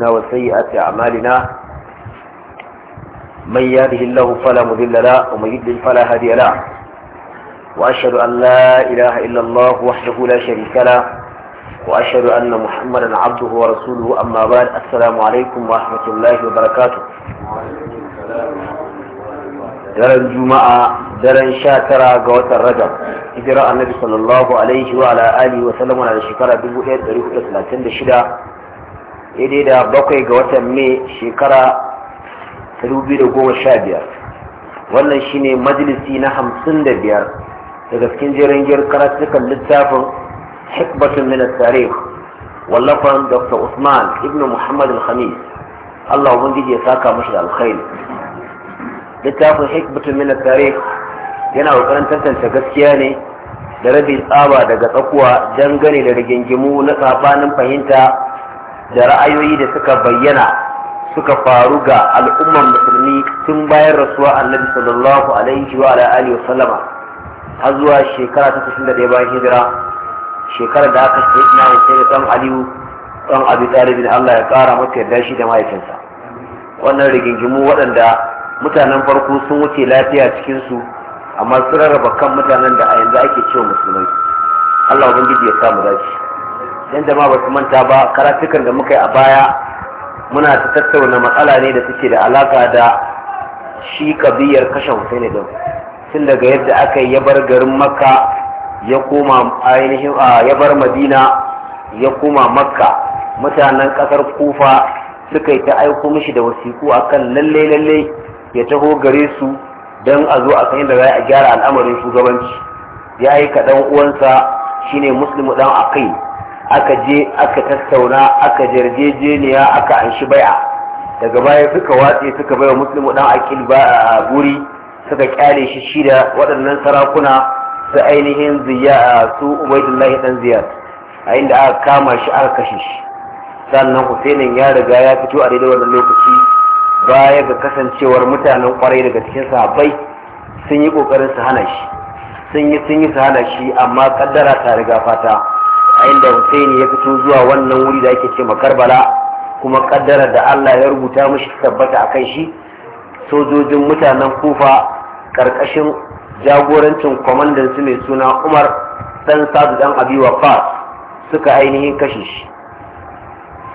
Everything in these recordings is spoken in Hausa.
na wasai a ce a malina mai fala mudillala wa mai yadihi fala hadiyala wa ashadu an la ilaha illallah wa ashadu wa ashadu anna muhammadan abduhu wa rasuluhu amma ba assalamu alaikum wa rahmatullahi wa barakatuh daren juma'a daren sha tara ga watan rajab hijira annabi sallallahu alaihi wa ala alihi wa sallam wa shekara 1436 daidai da bakwai ga watan mai shekara 2015 wannan shine majalisi na 55 daga cikin jerin jiyar karatukan littafin hikbatun min tarikh wallafan dr usman ibn muhammad al-khamis allah ubangiji ya saka mashi da littafin hikbatun min tarikh yana kokarin tantance gaskiya ne da rabin tsaba daga tsakuwa dangane da rigingimu na tsabanin fahimta da ra'ayoyi da suka bayyana suka faru ga al'ummar musulmi tun bayan rasuwa annabi sallallahu alaihi wa alihi wa sallama har zuwa shekara ta da bayan hijira shekarar da aka sai na sai da dan aliyu dan abi talibin Allah ya kara maka yarda shi da mahaifinsa wannan rigingimu waɗanda mutanen farko sun wuce lafiya cikin su amma sun rarraba kan mutanen da a yanzu ake cewa musulmai Allah ubangiji ya samu dace yan jama'a ba su manta ba karatukan da muka yi a baya muna ta tattauna matsala ne da suke da alaka da shi kabiyar kashe Husaini tun daga yadda aka yi ya bar garin Makka ya koma ainihin ya bar Madina ya koma Makka mutanen kasar Kufa suka yi ta aiko mishi da wasiku akan lalle lalle ya taho gare su don a zo a san yadda za a gyara al'amarin shugabanci ya yi dan uwansa shine muslimu dan akai aka je aka tattauna aka jarjejeniya aka anshi bai'a daga baya suka watse suka bai baiwa muslimu dan akil ba buri suka kyale shi da waɗannan sarakuna su ainihin ziya su ubaidullahi dan ziyar a inda aka kama shi aka kashe shi sannan husainin ya riga ya fito a daidai wannan lokaci baya ga kasancewar mutanen kwarai daga cikin sahabbai sun yi kokarin su hana shi sun yi sun yi su hana shi amma kaddara ta riga fata a inda Husaini ya fito zuwa wannan wuri da ake ce Karbala kuma kaddara da Allah ya rubuta mishi tabbata akan shi sojojin mutanen Kufa karkashin jagorancin kwamandan su mai suna Umar dan sadu dan Abi Waqqas suka ainihin kashe shi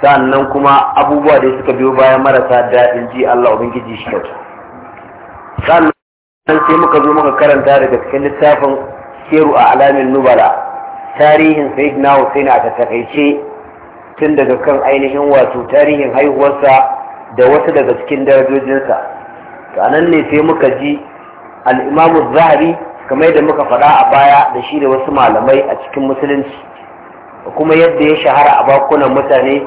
sannan kuma abubuwa da suka biyo bayan marasa daɗin ji Allah ubangiji shi kyauta sannan sai muka zo muka karanta daga cikin littafin Siru a alamin Nubala tarihin sayyidina Hussein a takaice tun daga kan ainihin wato tarihin haihuwarsa da wasu daga cikin darajojinsa to anan ne sai muka ji al zahari kamar yadda muka faɗa a baya da shi da wasu malamai a cikin musulunci kuma yadda ya shahara a bakunan mutane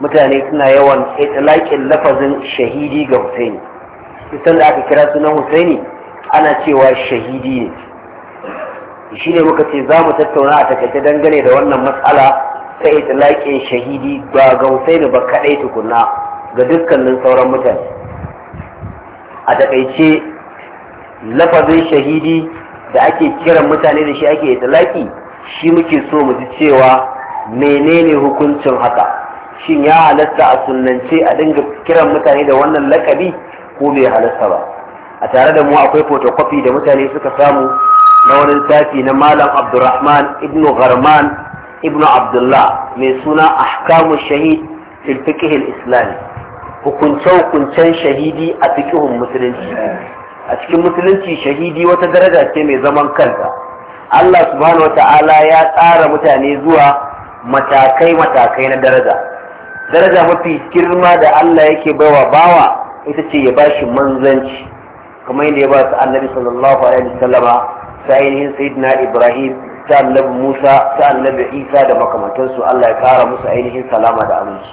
mutane suna yawan itilakin lafazin shahidi ga Husaini isan da aka kira sunan Husaini ana cewa shahidi ne shi ne muka ce za mu tattauna a takaice dangane da wannan matsala ta itilaƙin shahidi ba ga Husainu ba kaɗai tukuna ga dukkanin sauran mutane a takaice lafazin shahidi da ake kiran mutane da shi ake itilaƙi shi muke so mu ji cewa menene hukuncin haka shin ya halasta a sunance a dinga kiran mutane da wannan lakabi ko bai halasta ba a tare da mu akwai photocopy da mutane suka samu na wani littafi na malam abdurrahman ibnu gharman ibnu abdullah mai suna ahkamu shahid fil fiqhil islami hukunce-hukuncen shahidi a fiqhun musulunci a cikin musulunci shahidi wata daraja ce mai zaman kanta Allah subhanahu wata'ala ya tsara mutane zuwa matakai-matakai na daraja daraja mafi girma da Allah yake baiwa bawa ita ce ya bashi manzanci kamar yadda ya ba su annabi sallallahu alaihi wasallama ta ainihin sayyidina ibrahim ta annabi musa ta annabi isa da makamantansu allah ya kara musu ainihin salama da aminci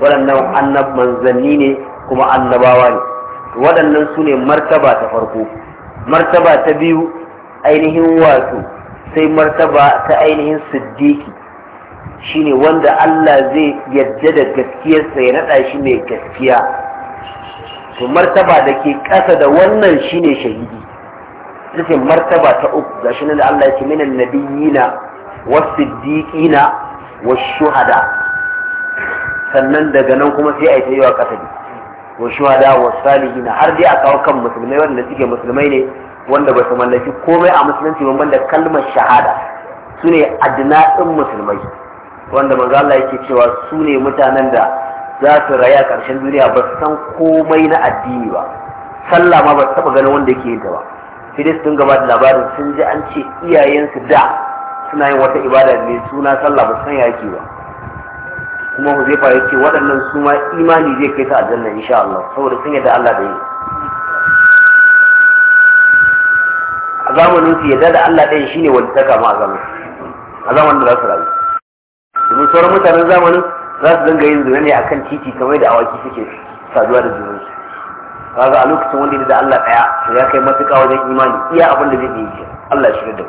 waɗannan annab manzanni ne kuma annabawa ne waɗannan su ne martaba ta farko martaba ta biyu ainihin wato sai martaba ta ainihin siddiki shine wanda allah zai yarda da gaskiyarsa ya naɗa shi mai gaskiya to martaba da ke ƙasa da wannan shine shahidi ita martaba ta uku gashi nan da Allah yake minan nabiyina was-siddiqina wa shuhada sannan daga nan kuma sai a yi ta yawa kasabi wa shuhada wa salihina har dai a kawo kan musulmai wanda suke musulmai ne wanda ba su mallaki komai a musulunci ba da kalmar shahada su ne adna'in musulmai wanda manzo Allah yake cewa su ne mutanen da za su raya karshen duniya ba su san komai na addini ba sallah ma ba su taba ganin wanda yake yin ta ba sai dai su dinga ba da labarin sun ji an ce iyayensu da suna yin wata ibada mai suna sallah ba san yaki ba kuma huzaifa ya ce waɗannan su ma imani zai kai ta aljanna insha Allah saboda sun yadda Allah da yi a zamanin su yadda da Allah ɗaya shine wani ta kama a zamanin a zamanin da za su rayu domin sauran mutanen zamanin za su dinga yin zina ne akan titi kamar da awaki suke saduwa da junansu kaga a lokacin wanda da Allah daya to ya kai matuƙa wajen imani iya abin da zai yi Allah shi da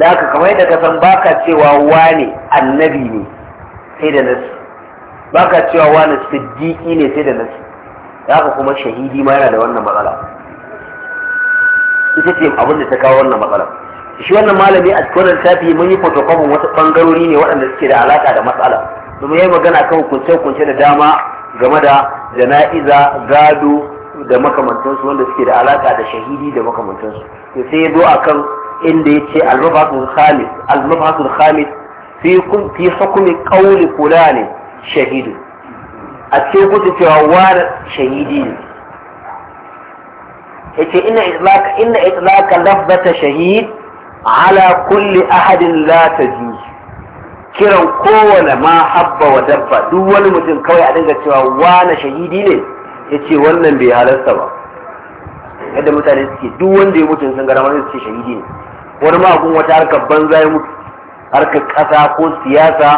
da haka kamar yadda ka san baka cewa Wani annabi ne sai da nasu baka cewa wani siddiqi ne sai da nasu da haka kuma shahidi ma yana da wannan matsala ita ce abin da ta kawo wannan matsala shi wannan malami a cikin wannan tafi mun yi photocopy wasu bangarori ne waɗanda suke da alaka da matsala domin yayi magana kan kunce-kunce da dama game da jana'iza gado da makamantansu wanda suke da alaka da shahidi da makamantansu to sai ya zo akan inda ya ce al-mafasul khamis al-mafasul khamis fi kun fi hukumi qawli fulani shahidu a cikin kuce cewa wani shahidi ne yace inna itlaq inna itlaq lafzata shahid ala kulli ahadin la tajuz kiran kowane ma habba wa dabba duk wani mutum kawai a dinga cewa wane shahidi ne ya ce wannan bai halarta ba yadda mutane suke duk wanda ya mutu sun gara mana suke shahidi ne wani magun wata harkar banza ya mutu harkar ƙasa ko siyasa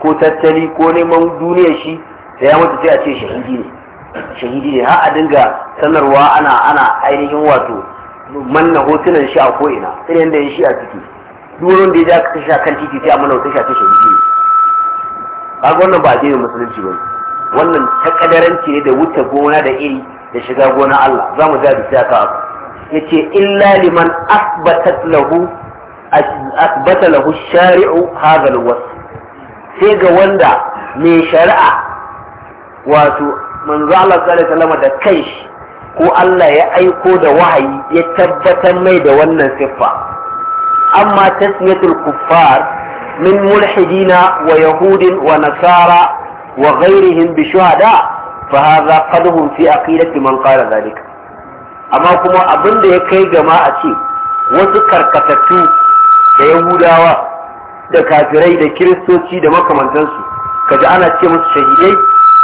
ko tattali ko neman duniya shi da ya mutu sai a ce shahidi ne shahidi ne har a dinga sanarwa ana ana ainihin wato manna hotunan shi a ko'ina sai da ya shi a ciki duk wurin da ya ja ka tasha kan titi sai a mana wata tasha tasha wuce ne kaga wannan ba addinin musulunci ba wannan ta kadaranci ne da wuce gona da iri da shiga gona Allah za mu ja sai aka haka yace illa liman asbatat lahu asbata lahu shari'u hadha alwasf sai ga wanda mai shari'a wato manzo Allah sallallahu alaihi wasallam da kanshi ko Allah ya aiko da wahayi ya tabbatar mai da wannan siffa amma tasmiyatul kuffar min mulhidina wa yahudin wa nasara wa ghairihim bi shuhada fa hadha qadhum fi aqidati man qala zalika amma kuma abin da ya kai gama a ce wasu karkatattu da yahudawa da kafirai da kiristoci da makamantansu kaji ana ce musu shahidai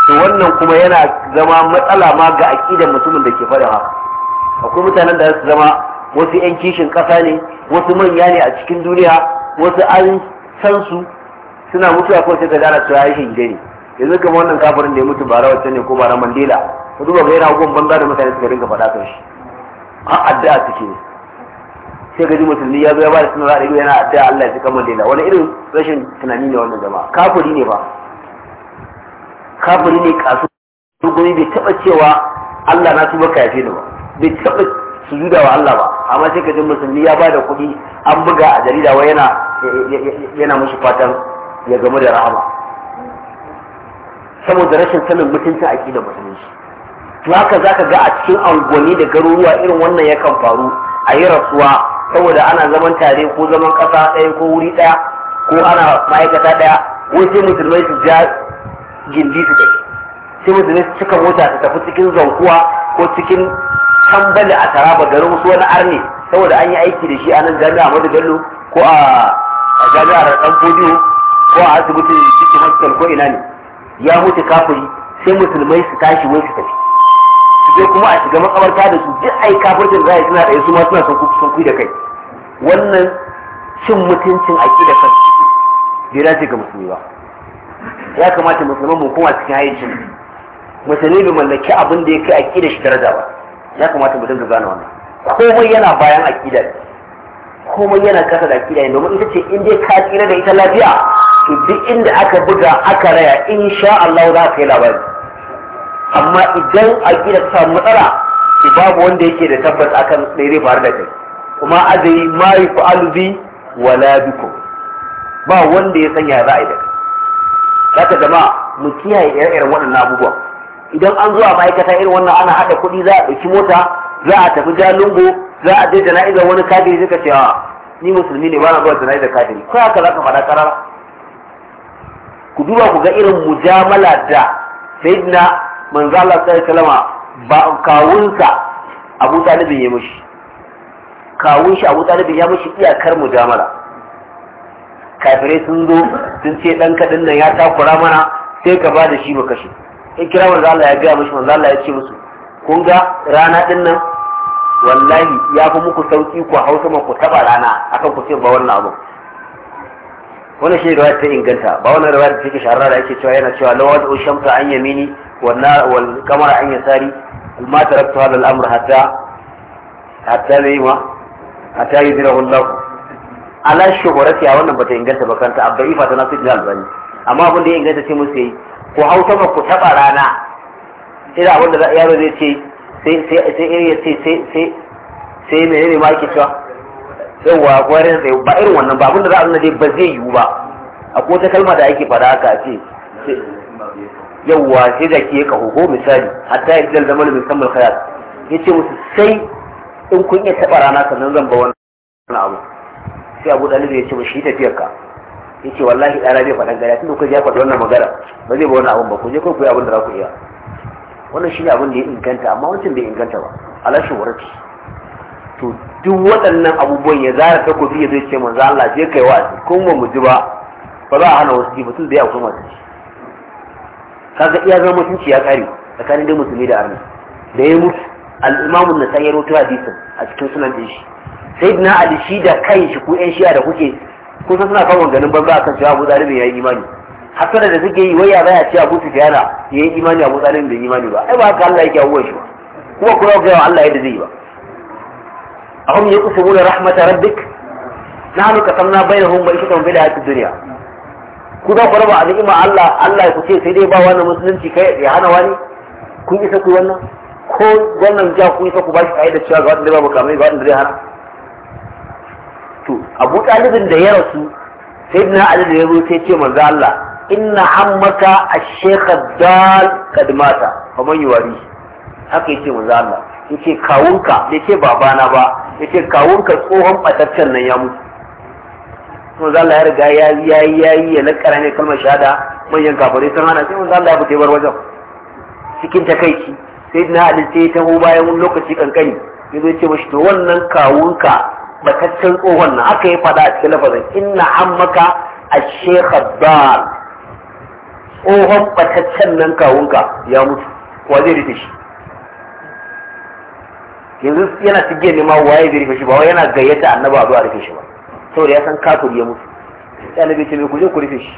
to wannan kuma yana zama matsala ma ga aƙidar mutumin da ke faɗin haka akwai mutanen da su zama wasu 'yan kishin ƙasa ne wasu manya ne a cikin duniya wasu an san su suna mutuwa ko sai ka gana su ya shige ne yanzu kamar wannan kafirin da ya mutu bara wacce ne ko bara mandela ko duba ga yana hukun banza da mutane suka rinka faɗa kan shi an addu'a suke ne sai ga ji musulmi ya zo ya ba da suna raɗi yana addu'a Allah ya kan mandela wani irin rashin tunani ne wannan jama'a kafiri ne ba kafiri ne kasu gumi bai taɓa cewa Allah na tuba ka yafe ni ba bai taɓa sujuda wa Allah ba amma sai ka ji musulmi ya bada kuɗi an buga a jarida wai yana yana mushi fatan ya gamu da rahama saboda rashin sanin a aqida musulunci to haka zaka ga a cikin angoni da garuruwa irin wannan yakan faru a yi rasuwa saboda ana zaman tare ko zaman ƙasa ɗaya ko wuri ɗaya ko ana ma'aikata ɗaya wai sai musulmai su ja gindi su tafi sai musulmai su cika mota su tafi cikin zankuwa ko cikin can bale a taraba garin wasu wani arne saboda an yi aiki da shi a nan jami'a madu bello ko a jami'ar dan fodiyo ko a asibitin cikin hospital ko ina ne ya mutu kafiri sai musulmai su tashi wai su tafi su je kuma a shiga makabarta da su duk ai kafircin za a yi suna da su ma suna son kuyi da kai wannan cin mutuncin aƙi da kan bai dace ga musulmi ba ya kamata musulman mu kuma cikin hayyacin musulmi bai mallaki abin da ya kai aƙi da shi daraja ba ya kamata mu dinga gane wannan komai yana bayan ne. komai yana kasa da ne, domin ita ce in dai ka tsira da ita lafiya to duk inda aka buga aka raya in sha Allah za ka yi labari amma idan aƙida ta samu matsala to babu wanda yake da tabbas akan tsere faru da kai kuma azai ma ku alubi wala labiko. ba wanda ya sanya za a yi da kai zaka jama'a mu kiyaye ire-iren waɗannan abubuwa idan an zuwa ma'aikata irin wannan ana haɗa kuɗi za a ɗauki mota za a tafi jalungo za a je jana'izar wani kafiri suka ce ah, ni musulmi ne ba na zuwa jana'izar kafiri ko haka za ka faɗa ƙarar ku duba ku ga irin mujamala da sayyidina manzo Allah sallallahu alaihi wasallam ba kawunsa Abu Talib ya mishi kawun shi Abu Talib ya mishi iyakar mujamala kafirai sun zo sun ce dan kadin nan ya takura mana sai ka ba da shi mu kashe in kira manzo Allah ya gaya musu manzo Allah ya ce musu kun ga rana din nan wallahi ya fi muku sauki ku hau sama ku taba rana akan ku ce ba wannan abu wannan shi da ta inganta ba wannan da da take shahararra da yake cewa yana cewa lawad shamsa an yamini wal kamara an yasari amma taraktu hada al-amr hatta hatta ma hatta yudirahu Allah ala shuhurati a wannan bata inganta ba kanta abba ifa ta nasu albani amma abin da ya inganta ce musu yi. ku hau sama ku taɓa rana sai da abinda yaro zai ce sai sai sai irin ya ce sai sai sai mene ne ma yake cewa yawa gwarin tsaye ba irin wannan ba abinda za a nuna dai ba zai yiwu ba akwai wata kalma da ake fara haka a ce yawa sai da ke ka hoho misali hatta ya zai mai kammal khayat ya ce musu sai in kun iya taɓa rana sannan zan ba wannan abu sai abu ɗalibi ya ce ba shi tafiyar ka yace wallahi ɗana bai faɗan gari tunda kuka je faɗi wannan magana ba zai ba wani abun ba ku je ku yi abin da za ku iya wannan shi ne abin da ya inganta amma wancan bai inganta ba alashin warki to duk waɗannan abubuwan ya zara takobi ya zai ce manzo Allah je kai wa kun ba mu ji ba ba za a hana wasu ji mutum da ya kuma ta kaga iya zama mutunci ya kare tsakanin da musulmi da arna da ya mutu al-imamu na sayyaro ta hadisin a cikin sunan din shi sayyidina ali shi da shi ko yan shi'a da kuke sun suna kawo ganin banza akan cewa Abu Talib ya yi imani hasara da suke yi waya baya ce Abu Sufyan ya yi imani Abu Talib bai imani ba ai ba haka Allah yake abuwan shi ba kuma kuma ga Allah yadda zai yi ba ahum yaqsimuna rahmat rabbik nahnu qasamna bainahum ma'ishatan fil hayatid dunya ku da ba a ni'ima Allah Allah ya kuce sai dai ba wannan musulunci kai ya hana wani kun isa ku wannan ko wannan ja ku isa ku ba shi da cewa ga wanda ba makamai ga wanda zai hana to abu ɗalibin da ya rasu sai na ali da ya zo sai ce manzo Allah inna ammaka ash-shaykh dal kad mata faman yuwari haka yace manzo Allah yace kawunka da ce babana ba yace kawunka tsohon bataccen nan ya mutu manzo Allah ya riga ya ya yi ya na ne kalmar shahada manyan kafirai sun hana sai manzo Allah ya fita bar wajen cikin takaici sai na ali sai ta hu bayan lokaci kankani yazo ya ce mashi to wannan kawunka mataccen tsohon nan, aka yi faɗa a cikin lafazin inna ammaka ash-shaykh ad-dal tsohon mataccen nan kawunka ya mutu wa zai rufe shi yanzu yana tige ne ma waye zai rufe shi ba wai yana gayyata annaba a zo a rufe shi ba saboda ya san kafir ya mutu sai annabi ce me ku je ku rufe shi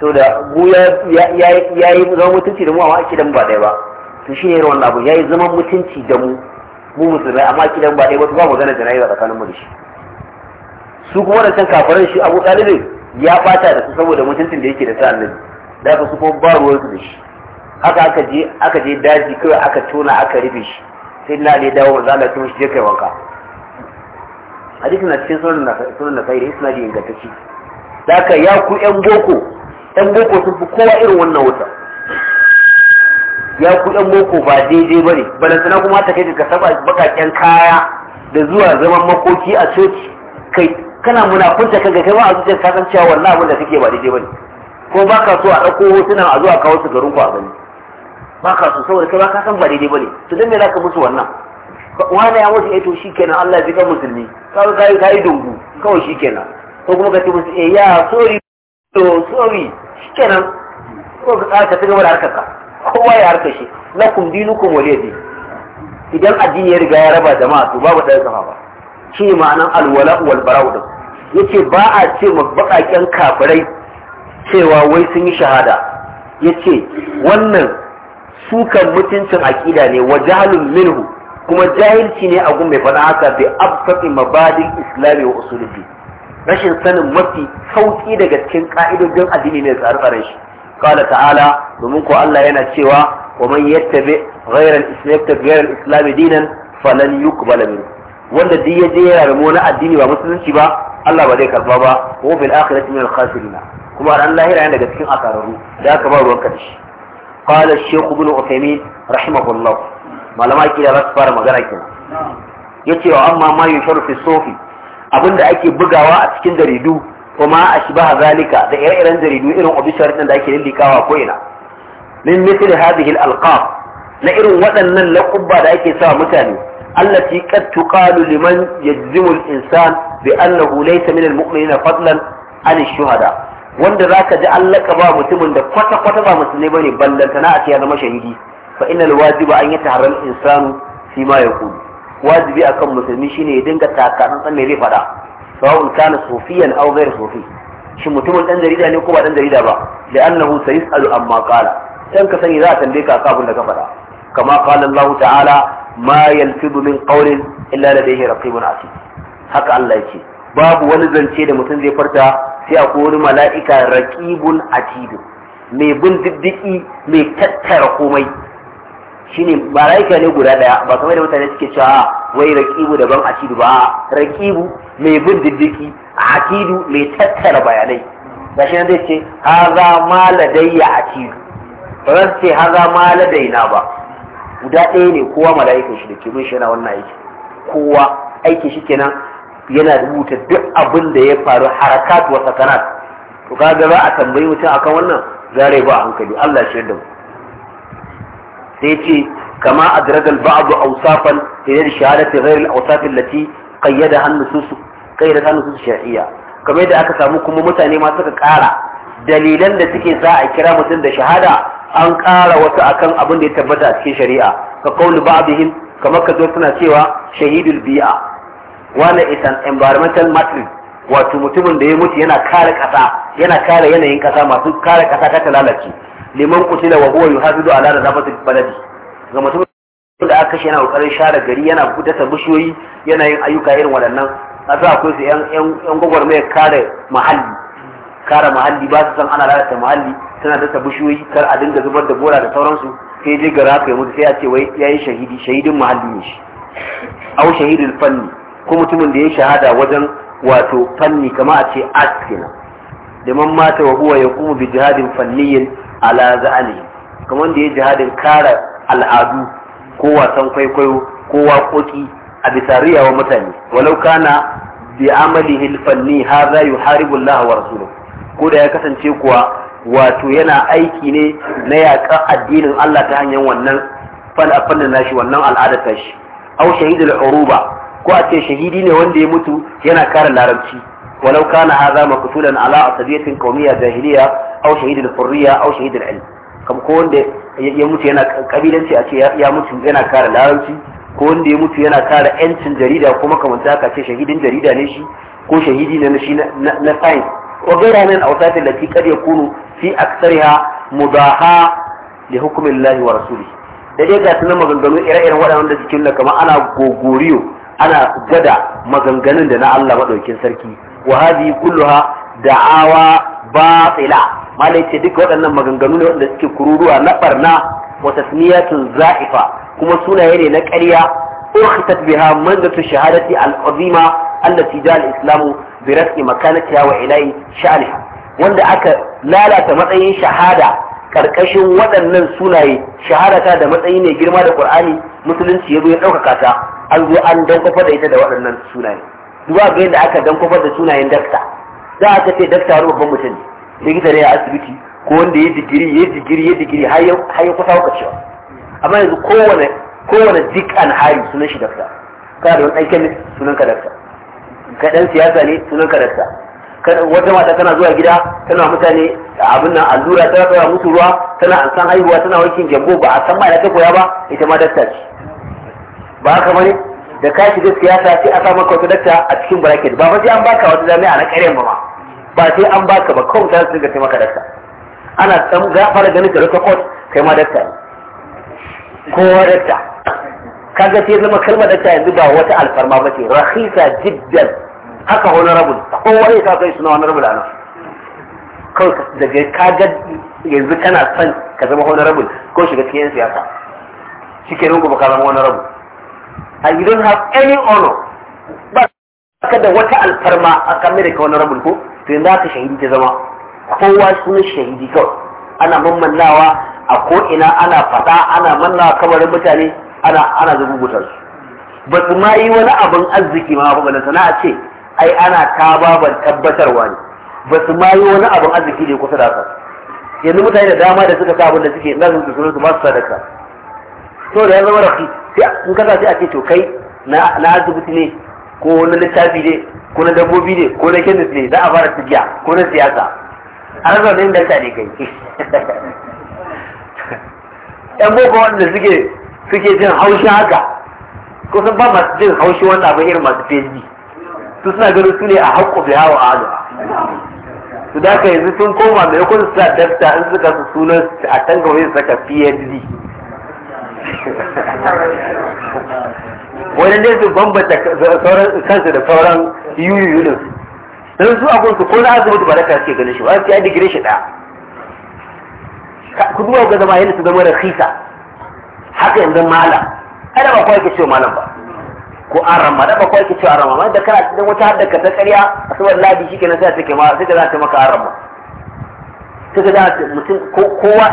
saboda mu ya ya yi zama mutunci da mu amma a kidan ba ɗaya ba to shine irin wannan abu ya yi zaman mutunci da mu mu musulmai amma kidan ba dai wasu ba magana jana'iza tsakanin mu da shi su kuma da can kafaran shi abu ɗalibin ya bata da su saboda mutuntun da yake da sa annabi da ka su kuma ba ruwan su da shi haka aka je aka je daji kawai aka tona aka rufe shi sai na ne dawo manzo Allah kuma shi je kai wanka hadisin na cikin sunan na sunan na sai da isnadi ingantacci da ka ya ku yan boko yan boko sun fi kowa irin wannan wuta ya ku ɗan boko ba daidai ba ne balantana kuma ta kai ka saba bakakken kaya da zuwa zaman makoki a coci kai kana munafunta kanka kai ba a zuciyar ka san cewa wannan abin da kake ba daidai ba ne ko ba ka so a ɗauko hotuna a zuwa kawo su garin ku a gani ba ka so saboda kai ba ka san ba daidai ba ne to dan me za ka musu wannan wani ya mutu eh to shikenan Allah ya ji kan musulmi kawai kai kai dungu kawai shikenan ko kuma ka ce musu eh ya sorry to sorry shikenan ko ka ta gaba da ka. kowa ya harka shi lakum dinukum wale din idan addini ya riga ya raba jama'a to babu ɗaya sama ba shi ma'anan alwala wal bara'u ya yace ba a ce ma bakaken kafirai cewa wai sun yi shahada yace wannan sukan mutuncin aqida ne wa jahlun minhu kuma jahilci ne a gun mai faɗa haka bi absati mabadin islami wa usuliddin rashin sanin mafi sauki daga cikin ka'idojin addini ne tsare-tsaren shi قال domin ko Allah yana cewa ومن يتبع غير الاسلام غير الاسلام دينا فلن يقبل منه wanda duk yaje yana da wani addini ba musulunci ba Allah ba zai karba ba ko fil akhirati min al khasirin kuma ran lahira yana daga cikin asararu da aka ba ruwan karshe qala shaykh ibn uthaymeen rahimahullah malama kila za su fara magana kenan yace wa amma ma yusharu fi abinda ake bugawa a cikin jaridu kuma a shi baha zalika da ire-iren jaridu irin obituary ɗin da ake lillikawa ko ina min misli hadhihi al-alqab na irin waɗannan laƙubba da ake sa mutane allati qad tuqalu liman yajzimu al-insan bi annahu laysa min al-mu'minina fadlan an ash-shuhada wanda zaka ji Allah ka ba mutumin da kwata kwata ba musulmi bane ballantana a ce ya zama shahidi fa innal wajiba an yataharra al-insanu fi ma yaqulu wajibi akan musulmi shine ya dinga takatsantsan me zai faɗa sawun kana sufiyan aw ghayr sufi Shin mutumin dan jarida ne ko ba dan jarida ba li'annahu sayasalu amma qala dan ka sani za a tambaye ka kafin da ka faɗa kama qala Allah ta'ala ma yalfidu min qawlin illa ladayhi raqibun atid haka Allah yake babu wani zance da mutum zai farta sai akwai wani mala'ika raqibun atid mai bin diddiki mai tattara komai shine malaika ne guda daya ba kamar da mutane suke cewa wai raqibu daban asidu ba Rakibu mai bin diddiki akidu mai tattara bayanai gashi nan zai ce haza ma ladayya akidu ba zan ce haza ma ladaina ba guda ɗaya ne kowa mala'ikan shi da ke bin shi yana wannan aiki kowa aiki shi kenan yana rubuta duk abin da ya faru harakat wa sakanat to kaga za a tambayi mutum akan wannan zare ba a hankali Allah shi yadda mu sai ce kama a ba'du awsafan ila shahadati ghayr al-awsaf allati qayyada an-nusus qayyada an-nusus shar'iyya kamar yadda aka samu kuma mutane ma suka ƙara dalilan da suke sa a kira mutum da shahada an ƙara wasu akan abin da ya tabbata a cikin shari'a ka qawlu ba'dihim kamar ka zo suna cewa shahidul bi'a Wani is an environmental matrix wato mutumin da ya mutu yana kare kasa yana kare yanayin kasa masu kare kasa ta lalace liman kutila wa huwa yuhadidu ala nadafati baladi ga mutum da aka kashe yana kokarin share gari yana gudata bishiyoyi yana yin ayyuka irin waɗannan asa akwai su yan yan mai kare muhalli kare mahalli ba su san ana lalata muhalli suna dasa bishiyoyi kar a dinga zubar da bora da sauransu sai je gara ka mutu sai a ce wai yayi shahidi shahidin mahalli ne shi au shahidin fanni ko mutumin da ya shahada wajen wato fanni kama a ce art kenan liman mata wa huwa yaqumu bi jihadin fanniyin ala za'ani kamar da ya jihadin kara al'adu ko wasan kwaikwayo ko waƙoƙi a bisa riyawa mutane walau kana bi amalihi alfanni hadha yuharibu Allah wa rasuluhu ko da ya kasance kuwa wato yana aiki ne na yaƙa addinin Allah ta hanyar wannan fannin nashi wannan al'adar tashi au shahidul uruba ko a ce shahidi ne wanda ya mutu yana kare larabci ولو كان هذا مقتولا على عصبية قومية جاهلية أو شهيد الحرية أو شهيد العلم kam ko wanda ya mutu yana kabilanci a ce ya yana kare larabci ko wanda ya mutu yana kare yancin jarida ko makamanta haka ce shahidin jarida ne shi ko shahidi ne shi na science wa gaira min awsatin lati qad wa da dai ga sunan maganganu ire-iren waɗannan da cikin ana gogoriyo ana gada maganganun da na Allah maɗaukin sarki wa hadhihi da da'awa batila malai duka waɗannan maganganu ne waɗanda suke kururuwa na barna wa za'ifa kuma sunaye ne na ƙarya ukhtat biha mandatu shahadati al-azima allati da al-islamu bi raf'i makanatiha wa ila'i sha'niha wanda aka lalata matsayin shahada karkashin waɗannan sunaye shahada ta da matsayi ne girma da ƙur'ani. musulunci ya zo ya ɗaukaka ta an zo an dankafa da da waɗannan sunaye duba ga yadda aka dan kofar da sunayen dakta za a ce dakta wani babban mutum ne likita ne a asibiti ko wanda ya digiri ya digiri ya digiri har ya kusa cewa, amma yanzu kowane kowane dik an hari sunan shi dakta kana da wani aikin kemis sunan ka dakta ka siyasa ne sunan ka dakta wata mata tana zuwa gida tana mutane abin nan allura tana tsara musu ruwa tana an san haihuwa tana wakin gyambo ba a san ma da ta koya ba ita ma dakta ce ba haka ne da kashi da siyasa sai a samu kwatulatta a cikin bracket ba fa sai an baka wata jami'a na ƙaryan ba ba sai an baka ba kawai za su ga sai maka dakta ana san ga fara ganin ka rata court kai ma dakta ne kowa dakta kaga sai zama kalmar dakta yanzu ba wata alfarma ba ce rahisa jiddan haka honorable kowa ya sa kai suna honorable a nan kawai daga kaga yanzu kana son ka zama honorable ko shiga cikin siyasa shi ke nungu ba ka zama honorable and you don't have any honor ba ka da wata alfarma a kame da kawai rabin ko to yanzu haka shahidi ta zama kowa sun shahidi kawai ana mammanawa a ko'ina ana faɗa ana mannawa kamarin mutane ana ana zububutar su ba su ma yi wani abin arziki ma ba na sana'a ce ai ana baban tabbatarwa ne ba su ma yi wani abin arziki ya kusa da haka yanzu mutane da dama da suka sa abin da suke nan su sunan su masu sadaka to da ya zama rafi in ka sai a ce to kai na asibiti ne ko na littafi ne ko na dabbobi ne ko na kenis ne za a fara tijiya ko na siyasa a rasa da inda ne kai yan boko wanda suke suke jin haushi haka ko sun ba masu jin haushi wanda abin irin masu feji su suna ganin su ne a haƙƙo da hawa a hannu su da yanzu sun koma mai kun sa dafta in suka su sunan a can yin saka pnd wani ne su bambata kansu da sauran yuri don su abin su ko na asibiti ba da suke ganin shi ba su ya digire shi ɗaya ku duba ga zama yadda su zama da khisa haka yanzu malam kada ba kawai ke ce malam ba ko arama da ba kawai ke ce arama ma da kana cikin wata hada ka ta ƙarya a saboda labi shi kenan sai take ma sai ka za ta maka arama sai ka za ta mutum kowa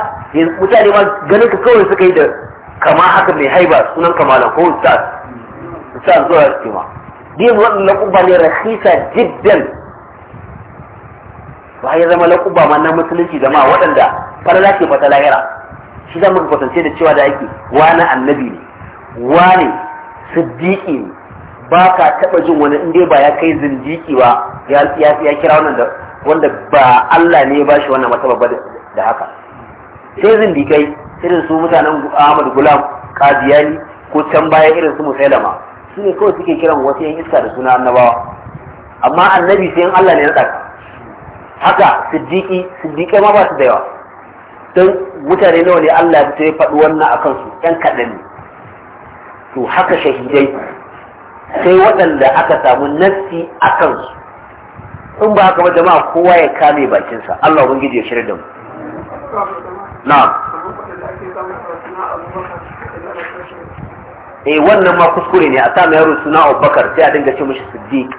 mutane ma ganin ka kawai suka yi da kama haka mai haiba sunan kamala ko ustaz ustaz zuwa su ma din wannan laƙuba ne rahisa jiddan ba ya zama laƙuba ma na musulunci zama waɗanda falala ke fata lahira shi za mu kwatance da cewa da ake wani annabi ne wani siddiƙi ne ba ka taɓa jin wani in inda ba ya kai zindiki ba ya kira wannan da wanda ba Allah ne ya bashi wannan mataba ba da haka sai zindikai irin su mutanen Ahmad Gulam Kadiyani ko can baya irin su Musailama su ne kawai suke kiran wasu yan iska da suna annabawa amma annabi sai Allah ne ya tsaka haka siddiqi siddiqai ma ba su da yawa don mutane nawa ne Allah ya fito ya faɗi wannan a kansu yan kaɗan ne to haka shahidai sai waɗanda aka samu nassi a kansu in ba haka ba jama'a kowa ya kame bakinsa Allah ubangiji ya shirya da mu na'am eh wannan ma kuskure ne a sa mai yaro suna abubakar sai a dinga ce mishi siddiq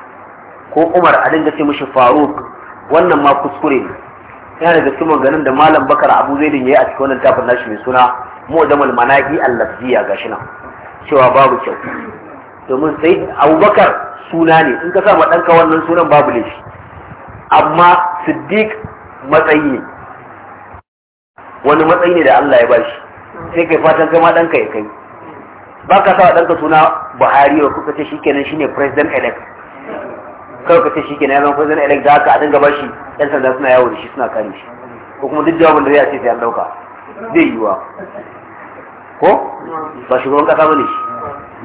ko umar a dinga ce mishi faruk wannan ma kuskure ne yana daga cikin maganin da malam bakar abu zaidin ya yi a cikin wannan tafin nashi mai suna Mu'jamul manaqi al-lafziya gashi nan cewa babu kyau domin sai abubakar suna ne in ka sa ma ɗanka wannan sunan babu shi amma siddiq matsayi ne wani matsayi ne da Allah ya bashi sai kai fatan kai ma dan ya kai ba ka sawa ka suna buhari ko kuka ce shi kenan shi ne president elect kawai ka ce shi kenan president elect da ka a dinga shi yan sanda suna yawo da shi suna kare shi ko kuma duk jawabin da zai ce sai an ɗauka zai yiwa ko ba shugaban kasa ba shi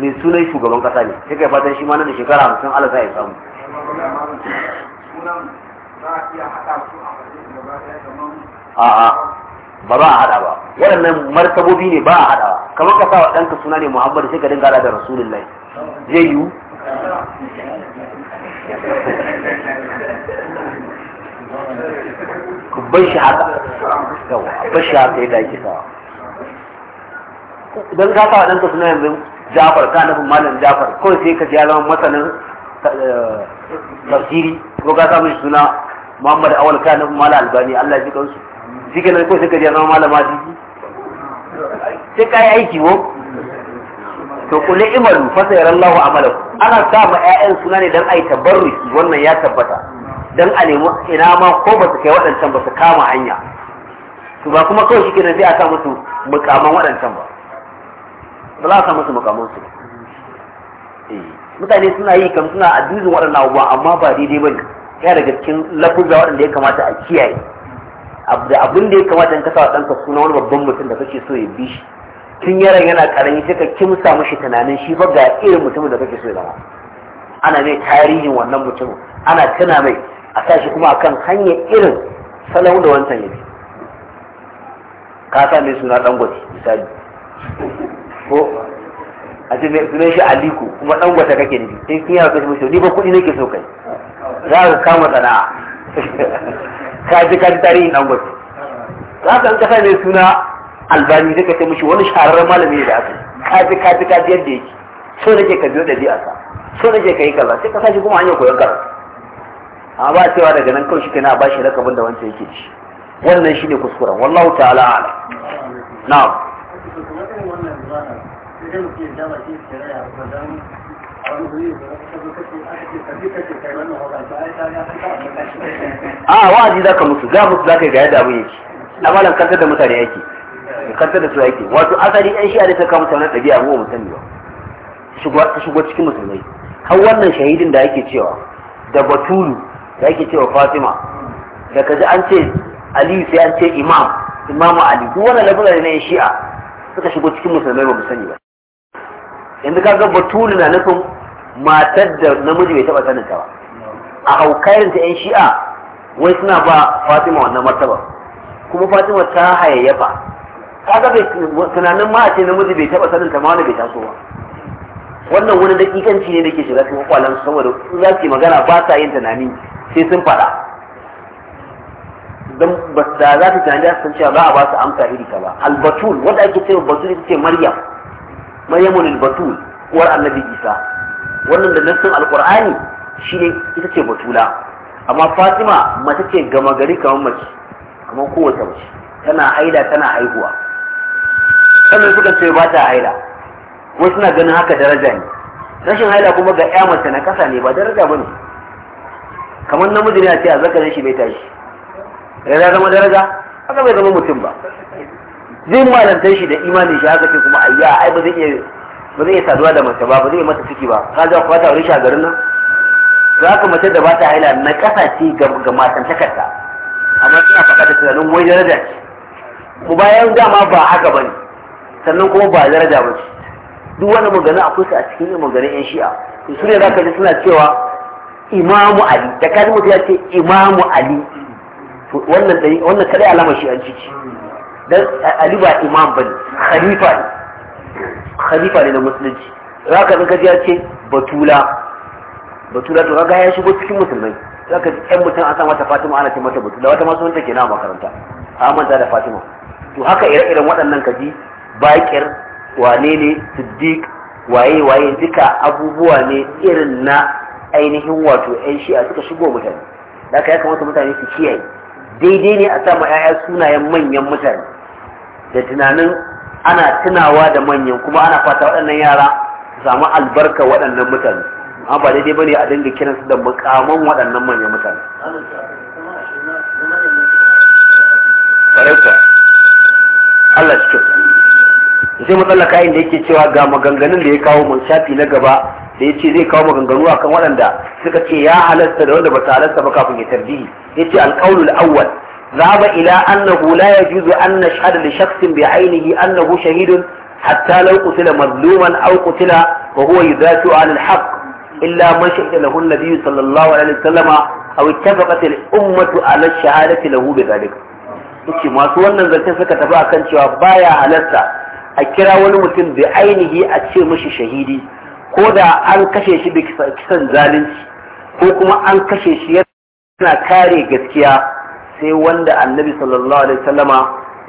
ne sunan shugaban kasa ne sai kai fatan shi ma nan da shekara hamsin ala ya samu a'a ba ba a hada ba waɗannan martabobi ne ba a hada kamar ka sawa ɗanka suna ne muhammad sai ka dinga hada da rasulullahi zai yiwu ku bar shi haka yawa bar shi haka yadda ake sawa idan ka sawa ɗanka suna yanzu jafar ka nufin malam jafar kawai sai ka ji zama masanin eh, tafsiri ko ka samu suna muhammad awal ka nufin malam albani allah ya ji kansu shi kenan ko sai ka je zama malama jiki sai ka yi aiki ko to kule imalu fasa yaran lahu amalan ana sa ma 'ya'yan suna ne dan ai tabarruki wannan ya tabbata dan a nemi ina ma ko ba su kai waɗancan ba su kama hanya to ba kuma kawai shi kenan sai a sa musu mukaman waɗancan ba ba za a sa musu mukaman su eh, mutane suna yi kam suna addinin waɗannan abubuwa amma ba daidai ba ne ya daga cikin lafuzza waɗanda ya kamata a kiyaye da abin da ya kamata in kasa wa ɗanka suna wani babban mutum da kake so ya bi shi tun yaron yana karami sai ka kimsa mishi tunanin shi fa ga irin mutumin da kake so ya zama ana mai tarihin wannan mutumin ana tuna mai a sa shi kuma akan hanyar irin salon da wancan ya bi ka sa mai suna dangote misali ko a ce mai suna shi aliko kuma dangote kake nufi sai kin yawa kashe mashi ni ba kuɗi nake so kai za ka kama sana'a ka ji kan tarihin dangote za ka kasa mai suna albani da ka ce mishi wani shahararren malami ne da aka ka kaji ka ka yadda yake so nake ka biyo sa. so nake ka yi kaza sai ka sashi kuma hanyar koyon karatu amma ba cewa daga nan kawai shi kana ba shi lakabin da wancan yake ci wannan shine kuskuren wallahu ta'ala a'lam na'am a wa'azi za ka musu za musu za ka ga yadda abin yake amalan kantar da mutane yake kantar da su yake wato asali yan shi'a da ta kawo mutane ɗabi'a mu musamman ba ta shigo cikin musulmai har wannan shahidin da yake cewa da batulu da yake cewa fatima da kaji an ce aliyu sai an ce imam imamu ali duk wannan labarai na yan shi'a suka shigo cikin musulmai ba mu sani ba yanzu kaga batulu na nufin matar da namiji bai taba sanin ta ba a haukarin ta yan shi'a wai suna ba Fatima wannan martaba kuma Fatima ta hayayyafa kaga bai tunanin ma a ce namiji bai taba sanin ta ma wani bai taso ba wannan wani dakikanci ne da ke shiga cikin kwalan saboda za su yi magana ba sa yin tunani sai sun faɗa dan ba da za su tunani san cewa ba a ba su amsa iri ka ba albatul wanda ake cewa batul ita ce maryam maryamul batul uwar annabi isa wannan da nassin alqur'ani shi ne ita ce batula amma fatima mace ce gama gari kamar mace kamar kowace mace tana haida tana haihuwa sannan suka ce ba ta haida Kuma suna ganin haka daraja ne rashin haida kuma ga ya mace na kasa ne ba daraja ba ne kamar namiji ne a ce a zakarin shi bai tashi ya zama daraja haka bai zama mutum ba zai malantar shi da imanin shi haka ce kuma ayya ai ba zai iya ba zai saduwa da mace ba ba zai mata ciki ba ka za ku wata aure garin nan za ka mace da ba ta haila na kasa ce ga matan takarta amma suna faɗa da tunanin wai daraja ce ku bayan dama ba haka ba ne sannan kuma ba daraja ba ce duk wani magana akwai su a cikin yin maganin yan shi'a to su ne za ka ji suna cewa imamu ali da kaji mutu ya ce imamu ali wannan kadai alamar shi'an ciki dan ali ba imam ba ne khalifa ne khalifa ne na musulunci za ka zaka ya ce batula batula to kaga ya shigo cikin musulmai za ka ji ƴan mutum a sa mata fatima ana ce mata batula wata masu wanda ke na makaranta a manta da fatima to haka ire-iren waɗannan kaji bakir wane ne siddiq waye waye duka abubuwa ne irin na ainihin wato ƴan shi'a suka shigo mutane da ka ya kamata mutane su kiyaye daidai ne a sama 'ya'ya sunayen manyan mutane da tunanin ana tunawa da manyan kuma ana fata waɗannan yara su samu albarka waɗannan mutane amma ba daidai bane a dinga kiran su da mukamman waɗannan manyan mutane Allah cikin sai matsala kayan da yake cewa ga maganganun da ya kawo mun shafi na gaba da ya ce zai kawo maganganu a kan waɗanda suka ce ya halasta da wanda ba ta halasta ba kafin ya tarbihi ya ce alƙaunul awwal ذهب إلى أنه لا يجوز أن نشهد لشخص بعينه أنه شهيد حتى لو قتل مظلوما أو قتل وهو يذات عن الحق إلا من شهد له النبي صلى الله عليه وسلم أو اتفقت الأمة على الشهادة له بذلك yake masu wannan zancen suka tafi a kan cewa baya halarta a kira wani mutum da ainihi a ce mashi shahidi ko da an kashe shi da kisan zalunci ko kuma an kashe shi yana kare gaskiya sai wanda annabi sallallahu alaihi wasallama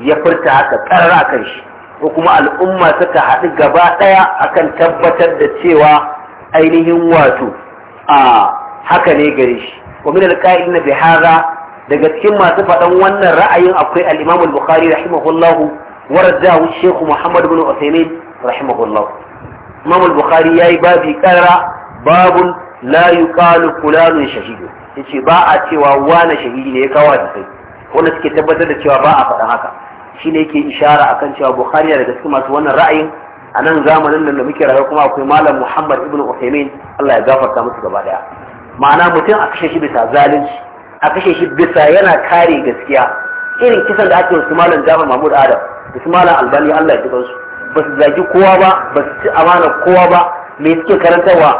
ya furta haka a kan shi ko kuma al'umma suka haɗu gaba ɗaya akan tabbatar da cewa ainihin wato a haka ne gare shi wa min alqa'ilina bi hadha daga cikin masu faɗan wannan ra'ayin akwai al-Imam al-Bukhari rahimahullahu wa raddahu Sheikh Muhammad ibn Uthaymeen rahimahullahu Imam al-Bukhari yayi babi karara babun la yuqalu fulanun shahidu yace ba a cewa wani shahidi ne ya kawo kai, wanda suke tabbatar da cewa ba a faɗa haka shine yake ishara akan cewa bukhari da cikin masu wannan ra'ayin a nan zamanin nan da muke rayuwa kuma akwai malam muhammad ibn usaimin allah ya gafarta musu gaba daya ma'ana mutum a kashe shi bisa zalunci a kashe shi bisa yana kare gaskiya irin kisan da ake wasu malam jafar mahmud adam da su malam albani allah ya su ba su zagi kowa ba ba su ci amana kowa ba me suke karantarwa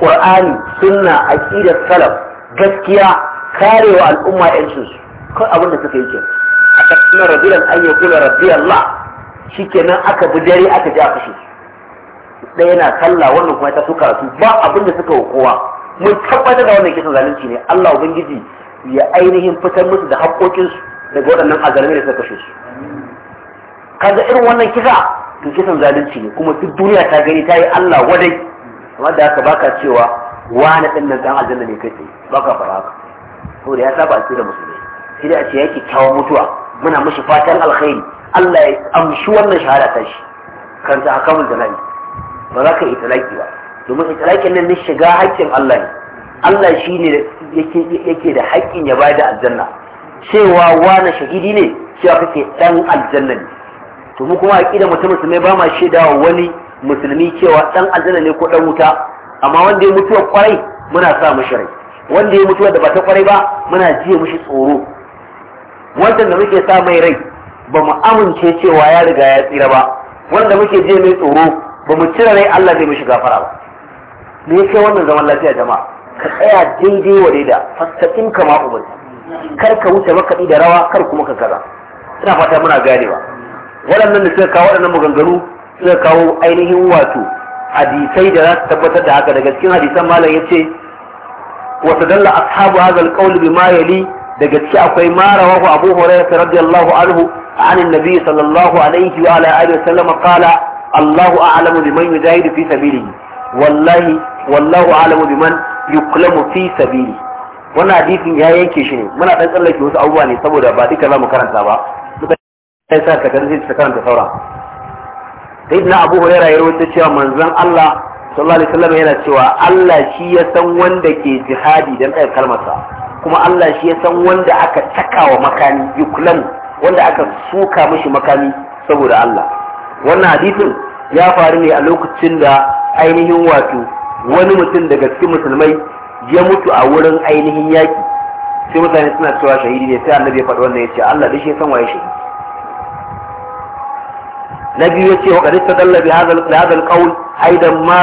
qur'ani sunna aqidar salaf gaskiya karewa al'umma yancin su kai abin da suka yi ke a kasar rabilan an yi kula rabbi Allah shikenan aka bi dare aka ji a kashe ɗaya na sallah wannan kuma ta so karatu ba abin da suka kowa mun tabbatar da wannan kisan zalunci ne Allah ubangiji ya ainihin fitar musu da haƙoƙinsu daga waɗannan azalmai da suka kashe su kaga irin wannan kisa to kisan zalunci ne kuma duk duniya ta gani ta yi Allah wadai amma da haka baka cewa wani ɗin nan ɗan aljanna ne kai tsaye ba ka fara haka da ya saba a da musulmai sai dai a ce yake kyawun mutuwa muna mashi fatan alkhairi Allah ya amshi wannan shahada ta shi kanta hakamul janabi ba za ka yi talaki ba domin talakin nan ne shiga haƙƙin Allah ne Allah shi ne yake da haƙƙin ya bada aljanna cewa wani shahidi ne cewa kake ɗan aljanna ne to mu kuma aqida mutum musulmi ba ma shaidawa wani musulmi cewa ɗan aljanna ne ko ɗan wuta amma wanda ya mutuwa kwarai muna sa mushi rai wanda ya mutuwa da ba ta kwarai ba muna jiye mushi tsoro wanda da muke sa mai rai ba mu amince cewa ya riga ya tsira ba wanda muke jiye mai tsoro ba mu cire rai Allah zai mushi gafara ba me yake wannan zaman lafiya jama'a ka tsaya daidai wa daida fastaqim kama umarta kar ka wuce makaɗi da rawa kar kuma ka kaza ina fata muna ganewa waɗannan da suka kawo waɗannan maganganu suka kawo ainihin wato hadisai da za su tabbatar da haka daga cikin hadisan malam ya ce wasu dalla ashabu hadha alqawl bima yali daga ciki akwai ma rawahu abu hurairah radiyallahu anhu عن النبي صلى الله عليه وعلى آله وسلم قال الله أعلم بمن يجاهد في سبيله والله والله أعلم بمن يقلم في سبيله wannan hadisin ya yanke shi ne muna dan tsallake wasu abubuwa ne saboda ba duka za mu karanta ba duka sai sa ka sai ta karanta sauran sayyidina abu hurairah ya rawaito cewa manzon Allah sallallahu alaihi wasallam yana cewa Allah shi ya san wanda ke jihadi dan ɗaya kalmarsa kuma Allah shi ya san wanda aka takawa makami yuklan wanda aka suka mishi makami saboda Allah wannan hadisin ya faru ne a lokacin da ainihin wato wani mutum daga cikin musulmai ya mutu a wurin ainihin yaki sai mutane suna cewa shahidi ne sai annabi ya faɗi wannan ya ce Allah da ya san waye shahidi na biyu ce wa qad tadalla bi hadha bi hadha alqawl aidan ma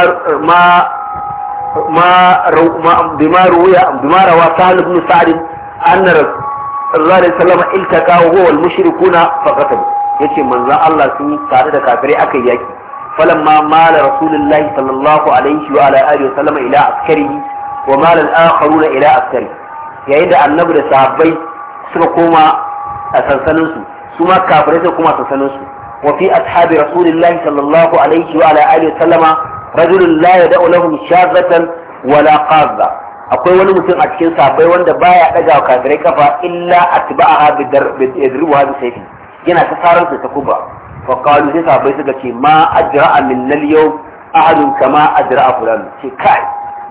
ma ma bima ruya bima rawa sahal ibn sa'd anna sallallahu alaihi wasallam iltaka huwa wal mushrikuna faqatalu yace manzon Allah sun tare da kafirai aka yaki فلما مال رسول الله صلى الله عليه وعلى ila askari wa عسكره ومال الآخرون ila askari yayin da annabi da sahabbai suka koma a sansaninsu su ma kafirai suka koma sansaninsu وفي أصحاب رسول الله صلى الله عليه وعلى آله وسلم رجل لا يدع لهم شاذة ولا قاذة akwai wani mutum a cikin sabai wanda baya daga wa kafirai kafa illa atba'aha bi yadribuha bi sayfi yana ta faran ta kuba fa qalu sai sabai suka ce ma ajra'a min al yawm ahadun kama ajra'a fulan ce kai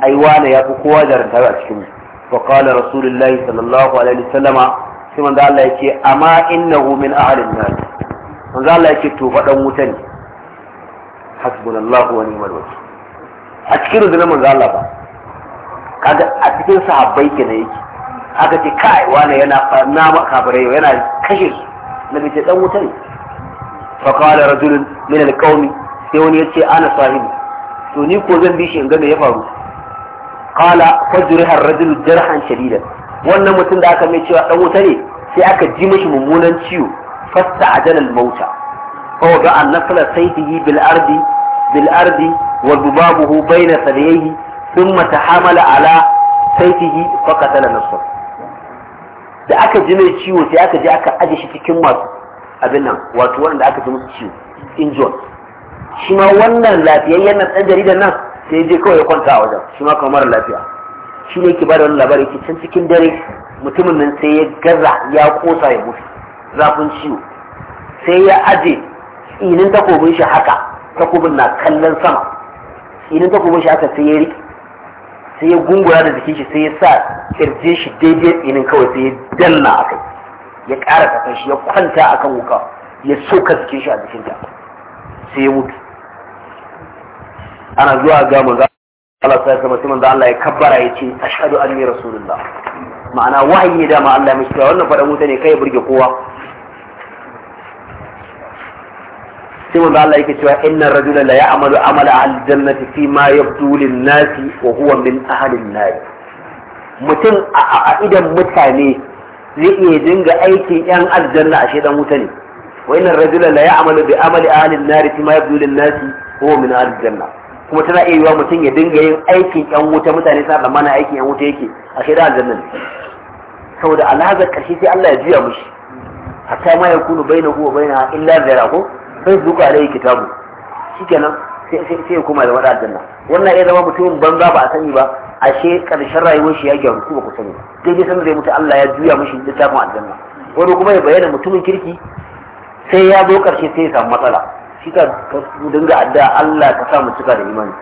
ai wala ya fi kowa da rantawa a cikin mu fa qala rasulullahi sallallahu alaihi wasallama sai manzo Allah yake amma innahu min ahlin nar manzo Allah yake to fa dan wuta ne hasbunallahu wa ni'mal wakil a cikin rundunar manzo Allah ba kaga a cikin sahabbai ne yake aka ce kai wani yana nama kafirai yana kashe su bi ce dan wuta ne fa qala rajulun min alqawmi sai wani yace ana sahibi to ni ko zan bi shi in ga me ya faru qala fajriha ar rajul jarhan shadidan wannan mutum da aka mai cewa dan wuta ne sai aka ji mashi mummunan ciwo فاستعجل الموت فوضع نقل سيفه بالأرض بالأرض وذبابه بين ثدييه ثم تحامل على سيفه فقتل نفسه da aka ji mai ciwo sai aka je aka aje shi cikin masu abin nan wato wanda aka ji musu ciwo injured shi ma wannan lafiyayyen nan ɗan jaridar nan sai je kawai ya kwanta a wajen shi ma kamar lafiya shi ne ke bada wani labari ke can cikin dare mutumin nan sai ya gaza ya kosa ya mutu zafin ciwo sai ya aje tsinin takobin shi haka takobin na kallon sama tsinin takobin shi haka sai ya riƙe sai ya gungura da jikin shi sai ya sa kirje shi daidai inin kawai sai ya danna a kai ya ƙara kafin shi ya kwanta a kan wuka ya soka jikin shi a jikin ta, sai ya mutu ana zuwa ga manzo Allah sai kuma sai manzo Allah ya kabbara ya ce ashhadu anni rasulullah ma'ana wahayi ne dama Allah ya mishi wannan fara wuta ne kai ya burge kowa sai manzo Allah yake cewa innar rajula la ya'malu amala fi ma yabdu lin-nasi wa huwa min ahli nar mutum a idan mutane zai iya dinga aikin yan aljanna wuta ne wa innar rajula la ya'malu bi amali nar fi ma yabdu lin-nasi huwa min janna kuma tana iya yiwa mutum ya dinga yin aikin yan wuta mutane sa aikin yan wuta yake a dan aljanna ne saboda alhazar karshe sai Allah ya juya mushi hatta ma yakunu bainahu wa bainaha illa ko sai su zuka alai kitabu shikenan sai ya kuma da wani aljanna wannan ya zama mutumin banza ba a sani ba ashe karshen rayuwar shi ya gyaru ku ba ku sani dai san zai mutu Allah ya juya mishi littafin aljanna wani kuma ya bayyana mutumin kirki sai ya zo karshe sai ya samu matsala shi ka dinga adda Allah ka sa mu cika da imani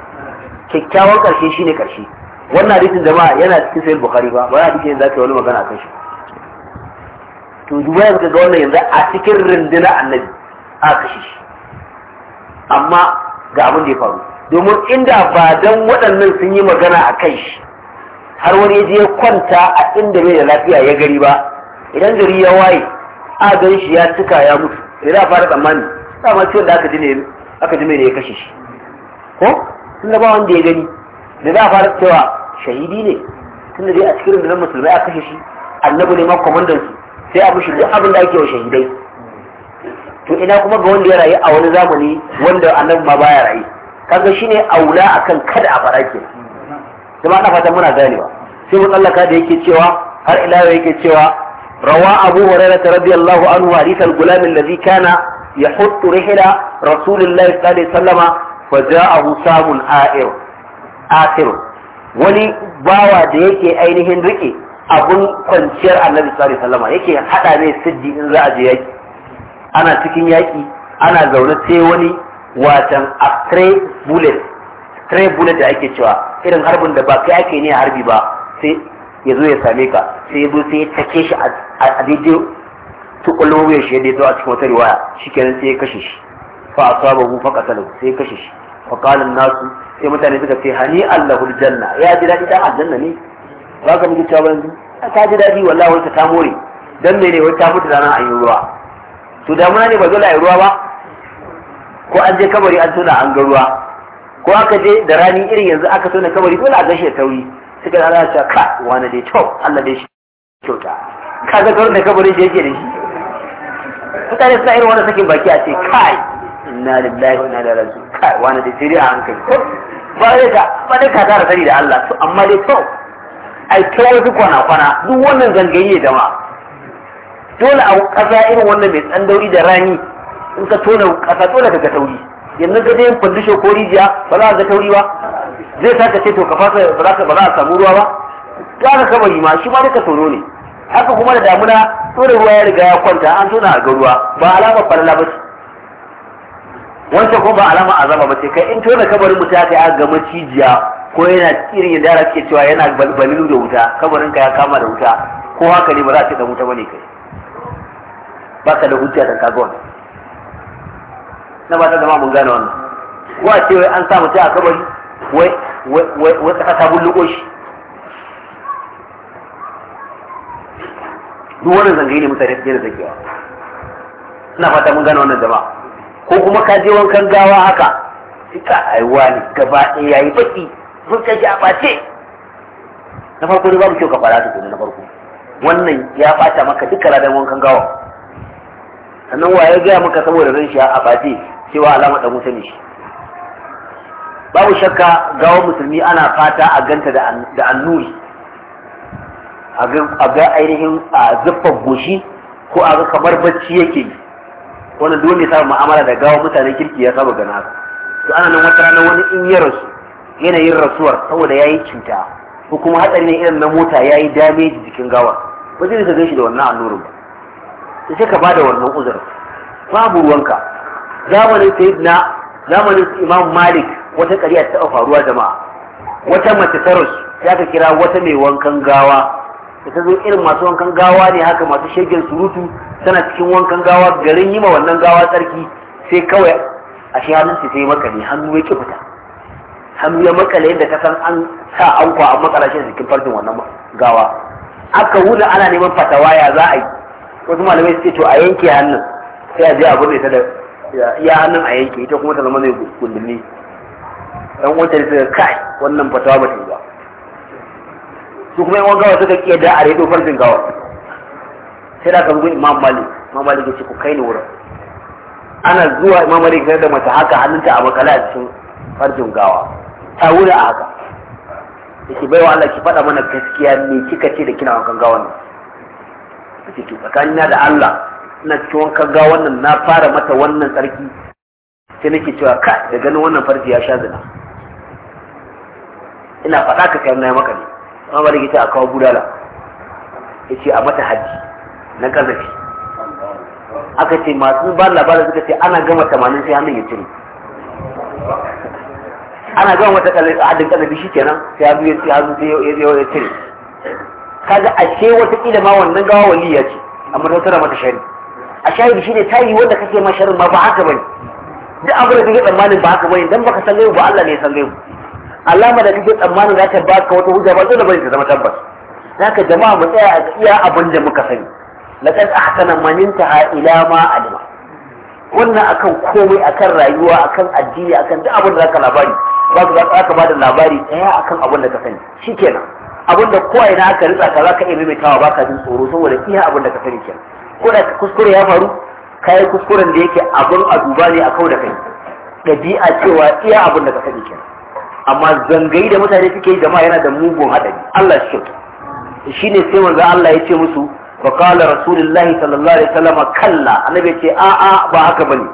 kyakkyawan karshe shine karshe wannan hadisin jama'a yana cikin sahih bukhari ba ba hadisi ne zaka wani magana akan shi to duba yanzu ga wannan yanzu a cikin rindina annabi a kashe shi amma ga abin da ya faru domin inda ba don waɗannan sun yi magana a kai shi har wani ya je ya kwanta a inda bai da lafiya ya gari ba idan gari ya waye a gan shi ya cika ya mutu idan a fara tsammani dama ciwon da aka ji ne aka ji ne ya kashe shi ko tun da ba wanda ya gani da za a fara cewa shahidi ne tun da dai a cikin rundunar musulmai a kashe shi annabi ne ma kwamandansu sai a mushi duk abin da ake wa shahidai to ina kuma ga wanda ya rayu a wani zamani wanda annabi ma baya rayu kaga shine aula akan kada a fara ke kuma ana fatan muna ganewa sai mun tsallaka da yake cewa har ila yake cewa rawa abu hurairah radiyallahu anhu hadith al-gulam alladhi kana yahuttu rihla rasulullah sallallahu alaihi wasallama fa ja'ahu samun a'ir wani bawa da yake ainihin rike abun kwanciyar annabi sallallahu alaihi wasallama yake hada ne siddi in za a je yaki ana cikin yaƙi ana zaune sai wani watan a stray bullet stray bullet da ake cewa irin harbin da ba kai ake ne harbi ba sai ya zo ya same ka sai ya sai ya take shi a daidai tukulun wuyan shi ya daidai a cikin wata riwaya kenan sai ya kashe shi fa asaba hu fa qatalu sai ya kashe shi fa qala nasu sai mutane suka ce hani allahul janna ya ji daɗi dan aljanna ne ba ka mutu cewa yanzu ta ji daɗi wallahi wata ta more dan mene wata ta mutu ranar an yi ruwa to damuna ne ba dole a yi ruwa ba ko an je kabari an tuna an ga ruwa ko aka je da rani irin yanzu aka tuna kabari dole a gashi tauri suka da Allah ya ka wani dai to Allah dai shi kyauta ka ga da kabarin shi yake da shi mutane suna irin wani sakin baki a ce kai inna lillahi wa inna ilaihi raji'un kai wani dai sai a hankali ba dai ka ba dai ka tara sani da Allah to amma dai to ai kai duk kwana kwana duk wannan zangaye da ma dole a ƙasa irin wannan mai tsandauri da rani in ka tona ƙasa dole ka ga tauri yanzu ka je yin kwandisho ko rijiya ba za a ga tauri ba zai sa ka ce to ka fasa ba za a samu ruwa ba to aka kama yi ma shi ma duka tono ne haka kuma da damuna tona ruwa ya riga ya kwanta an tona a ga ruwa ba alama falala ba ce wancan kuma ba alama azama ba ce kai in tona kabarin mutum aka yi a ga macijiya ko yana irin yadda ake cewa yana balilu da wuta kabarin ka ya kama da wuta ko haka ne ba za a ce da wuta bane kai baka da hujja da kaga wannan na ba ta zama mun gane wannan wa ce wai an samu ta a kabari wai wai wai tsaka ta bulluko shi duk wannan zangayi ne mutane su je da zakewa ina fata mun gane wannan jama'a ko kuma ka je wankan gawa haka ita aiwa ne gaba ɗaya yayi baki sun kai a ɓace na farko ne babu kyau ka fara su na farko wannan ya ɓata maka duka ladan wankan gawa sannan wa ya gaya maka saboda ran shi a ɓace cewa alama da wuta ne shi babu shakka gawa musulmi ana fata a ganta da annuri a ga ainihin a zuffar goshi ko a ga kamar bacci yake yi wannan dole ya mu'amala da gawa mutanen kirki ya saba gana haka to ana nan wata rana wani in ya rasu yanayin rasuwar saboda yayi yi cuta ko kuma hatsari ne irin na mota yayi yi dameji jikin gawa wajen da ka gan shi da wannan annurin ba sai ka ba da wannan uzurin babu ruwanka zamanin sayyidina zamanin imam malik wata ƙarya ta faruwa jama'a wata mace tarus ya ka kira wata mai wankan gawa da ta zo irin masu wankan gawa ne haka masu shegen surutu tana cikin wankan gawa garin yi ma wannan gawa tsarki sai kawai a shi hannun su sai makale hannu ya ki fita hannu ya makale yadda ka san an sa kwa a makala shi jikin farjin wannan gawa aka wuna ana neman fatawa ya za a yi wasu malamai suke to a yanke hannun sai a je a burne ta da iya hannun a yanke ita kuma ta zama mai gundumi ɗan wata da suka kai wannan fatawa ba ba su kuma yawan gawa suka kiyar da a redo farfin gawa sai da ka gudu imam malik imam malik ya ce ku kai ni wurin ana zuwa imam malik da mata haka hannunta a makala a cikin farfin gawa ta wuri a haka yake baiwa Allah ki faɗa mana gaskiya me kika ce da kina wankan gawa nan take to tsakanina da Allah ina cikin wankan ga wannan na fara mata wannan tsarki sai nake cewa ka da ganin wannan farji ya sha zina ina faɗa ka kai na maka ne amma ba da gita a kawo ya yace a mata haji na kazafi aka ce masu ba labarin suka ce ana gama tamanin sai hannun ya cire ana gama wata kalli a hadin kazafi shi kenan sai hannun ya cire kaga ashe wata kila ma wannan gawa waliya ce amma ta tara mata shari a shi ne tayi wanda kake ma sharrin ma ba haka bane duk abin da kake tsammanin ba haka bane dan baka san gaibu ba Allah ne ya san gaibu alama da kake tsammanin za ta baka wata hujja ba dole bane ta zama tabbas zaka jama'a mu tsaya a iya abin da muka sani laqad ahsana man intaha ila ma alima wannan akan komai akan rayuwa akan addini akan duk abin da zaka labari za ka bada labari daya akan abin da ka sani shikenan abinda kowa ina aka ritsa ka zaka iya maimaitawa baka jin tsoro saboda iya abinda ka sani kenan ko da kuskure ya faru kai kuskuren da yake abin a duba ne a kau da kai dabi'a cewa iya abinda ka sani kenan amma zangayi da mutane suke yi jama'a yana da mugun hadari Allah shi ne sai manzo Allah ya ce musu wa qala rasulullahi sallallahu alaihi wasallam kalla annabi ya ce a a ba haka bane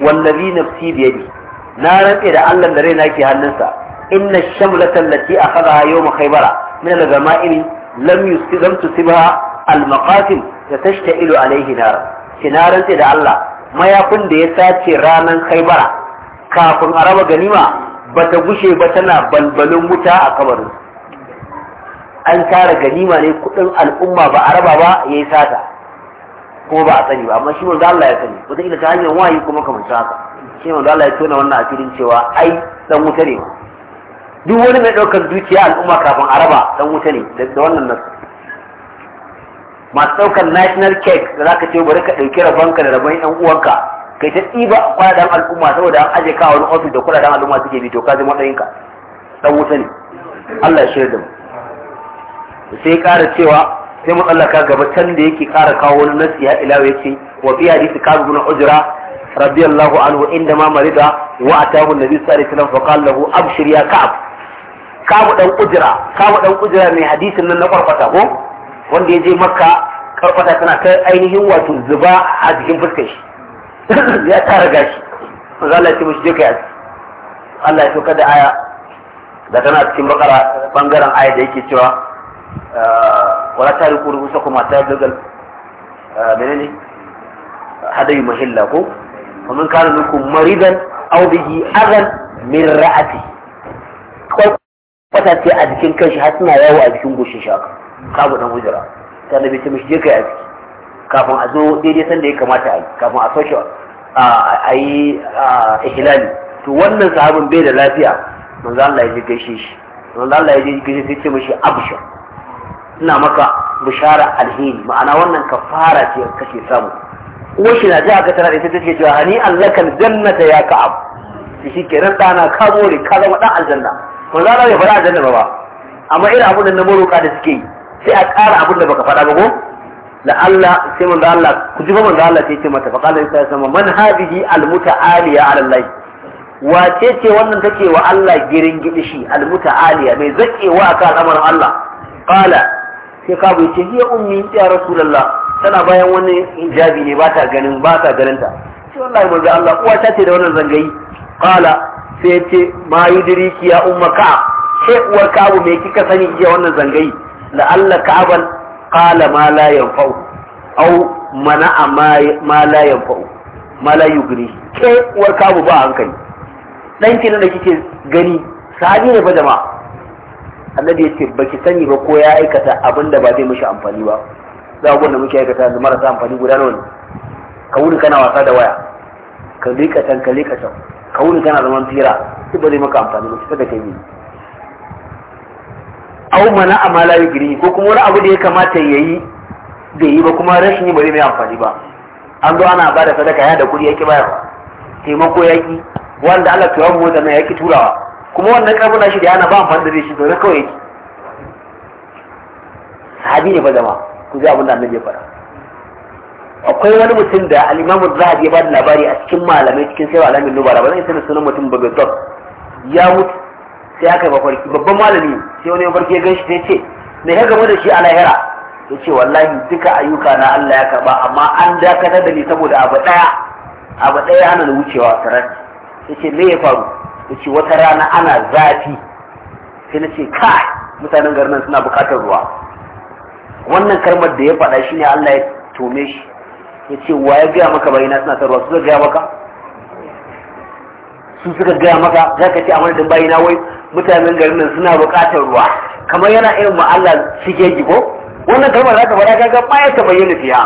wallazi nafsi yadi na rantsa da Allah da raina ke hannunsa inna shamlatan lati akhadha yawm khaybara من الغمائم لم يصيب لم تصيبها المقاتل تشتعل عليه نارا كنارا تدع الله ما يكون ده يساتي رانا خيبرا كافن عرب غنيمة بتبوشي بتنا بلبلو متى أكبر an tara ganima ne kudin al'umma ba a raba ba ya yi sata kuma ba a sani ba amma shi manzo Allah ya sani wata ta hanyar wahayi kuma kamar haka shi manzo Allah ya tona wannan asirin cewa ai dan wuta ne duk wani mai ɗaukar dukiya al'umma kafin a raba dan wuta ne da wannan nasu masu ɗaukar national cake da zaka ce bari ka ɗauki rabonka da rabon yan uwanka kai ta tsiba kwadan al'umma saboda an aje ka wani ofis da kudaden al'umma suke bi to ka zama ka dan wuta ne Allah ya shirya da mu sai ƙara cewa sai ka gaba can da yake kara kawo wani nasu ya ilawa yace wa fi hadisi kabu bin ujra radiyallahu anhu inda ma marida wa atahu nabi sallallahu alaihi wasallam fa qala lahu abshir ya ka'ab kabu dan kujira kabu dan kujira mai hadisin nan na kwarfata ko wanda ya je makka kwarfata tana ta ainihin wato zuba a jikin fuskar shi ya tara gashi manzo Allah ya ce mishi je kai Allah ya so da aya da tana cikin bakara bangaren aya da yake cewa ah, wala tariku rusukum ta dagal ah, menene hadayu mahilla ko kuma kana nuku maridan او bihi اذى min ra'ati. fatace a jikin kanshi har suna yawo a jikin goshin shi haka kabu dan hujra ta nabi ta mishi je kai aski kafin a zo daidai sanda ya kamata a yi kafin a soke a yi ihlali to wannan sahabin bai da lafiya manzo Allah ya je gaishe shi manzo Allah ya je gaishe shi ce mishi abshir ina maka bishara alheri ma'ana wannan kafara ce kake samu uwar shi na ji ka tana da ita take cewa hani allakal jannata ya ka'ab shi kenan dana ka more ka zama dan aljanna manzo Allah bai faɗa aljanna ba amma irin abin da na maroka da suke yi sai a ƙara abin da baka faɗa ba ko la Allah sai manzo Allah ku ji ba manzo Allah sai ce mata fa qala isa sama man hadhihi al mutaaliya ala Allah wace ce wannan take wa Allah girin gidishi al mutaaliya mai zakewa akan al'amarin Allah qala sai ka bai ce hiya ummi ya rasulullah tana bayan wani hijabi ne ba ta ganin ba ta ganin ta sai wallahi manzo Allah uwa ta ce da wannan zangayi qala sai ce ma yi diriki ya umma ka sai uwar ka'abu mai kika sani iya wannan zangayi la'alla ka'aban kala ma la yanfa'u au mana ma la yanfa'u ma la yugri sai uwar ka'abu ba hankali dan kinan da kike gani sahabi ne fa jama'a annabi ya ce baki sani ba ko ya aikata abin da ba zai mishi amfani ba za a da muke aikata da marasa amfani guda nawa ne ka wuri kana wasa da waya ka liƙa can ka liƙa can ka wuni kana zaman fira duk ba zai maka amfani ba kusa da kai ne au mana amala ya giri ko kuma wani abu da ya kamata ya yi bai yi ba kuma rashin yi ba zai mai amfani ba an zo ana bada sadaka ya da kuɗi yaki bayarwa taimako yaki wanda Allah ta yawan na ya ki turawa kuma wannan karfin shi da yana ba amfani da zai shi zaune kawai yaki sahabi ne ba zama ku ji abin da annabi ya faɗa akwai wani mutum da alimamu za ya ba da labari a cikin malamai cikin sai alamin nubara ba zan sanar sunan mutum ba gaggab ya mutu sai aka yi mafarki babban malami sai wani mafarki ya gan shi sai ce me ya gama da shi a lahira ya ce wallahi duka ayyuka na Allah ya karba amma an dakatar da ni saboda abu ɗaya abu ɗaya ana da wucewa sarar ya ce me ya faru ya ce wata rana ana zafi sai na ce kai mutanen garin nan suna bukatar ruwa wannan kalmar da ya faɗa shi ne Allah ya tome shi ya ce wa ya gaya maka bayina suna tarwa su suka gaya maka su suka gaya maka za ka ce a dabbayi na wai mutanen garin nan suna buƙatar ruwa kamar yana irin ma'alla shige ko wannan kalmar za ka faɗa kaga baya ta bayyana fiya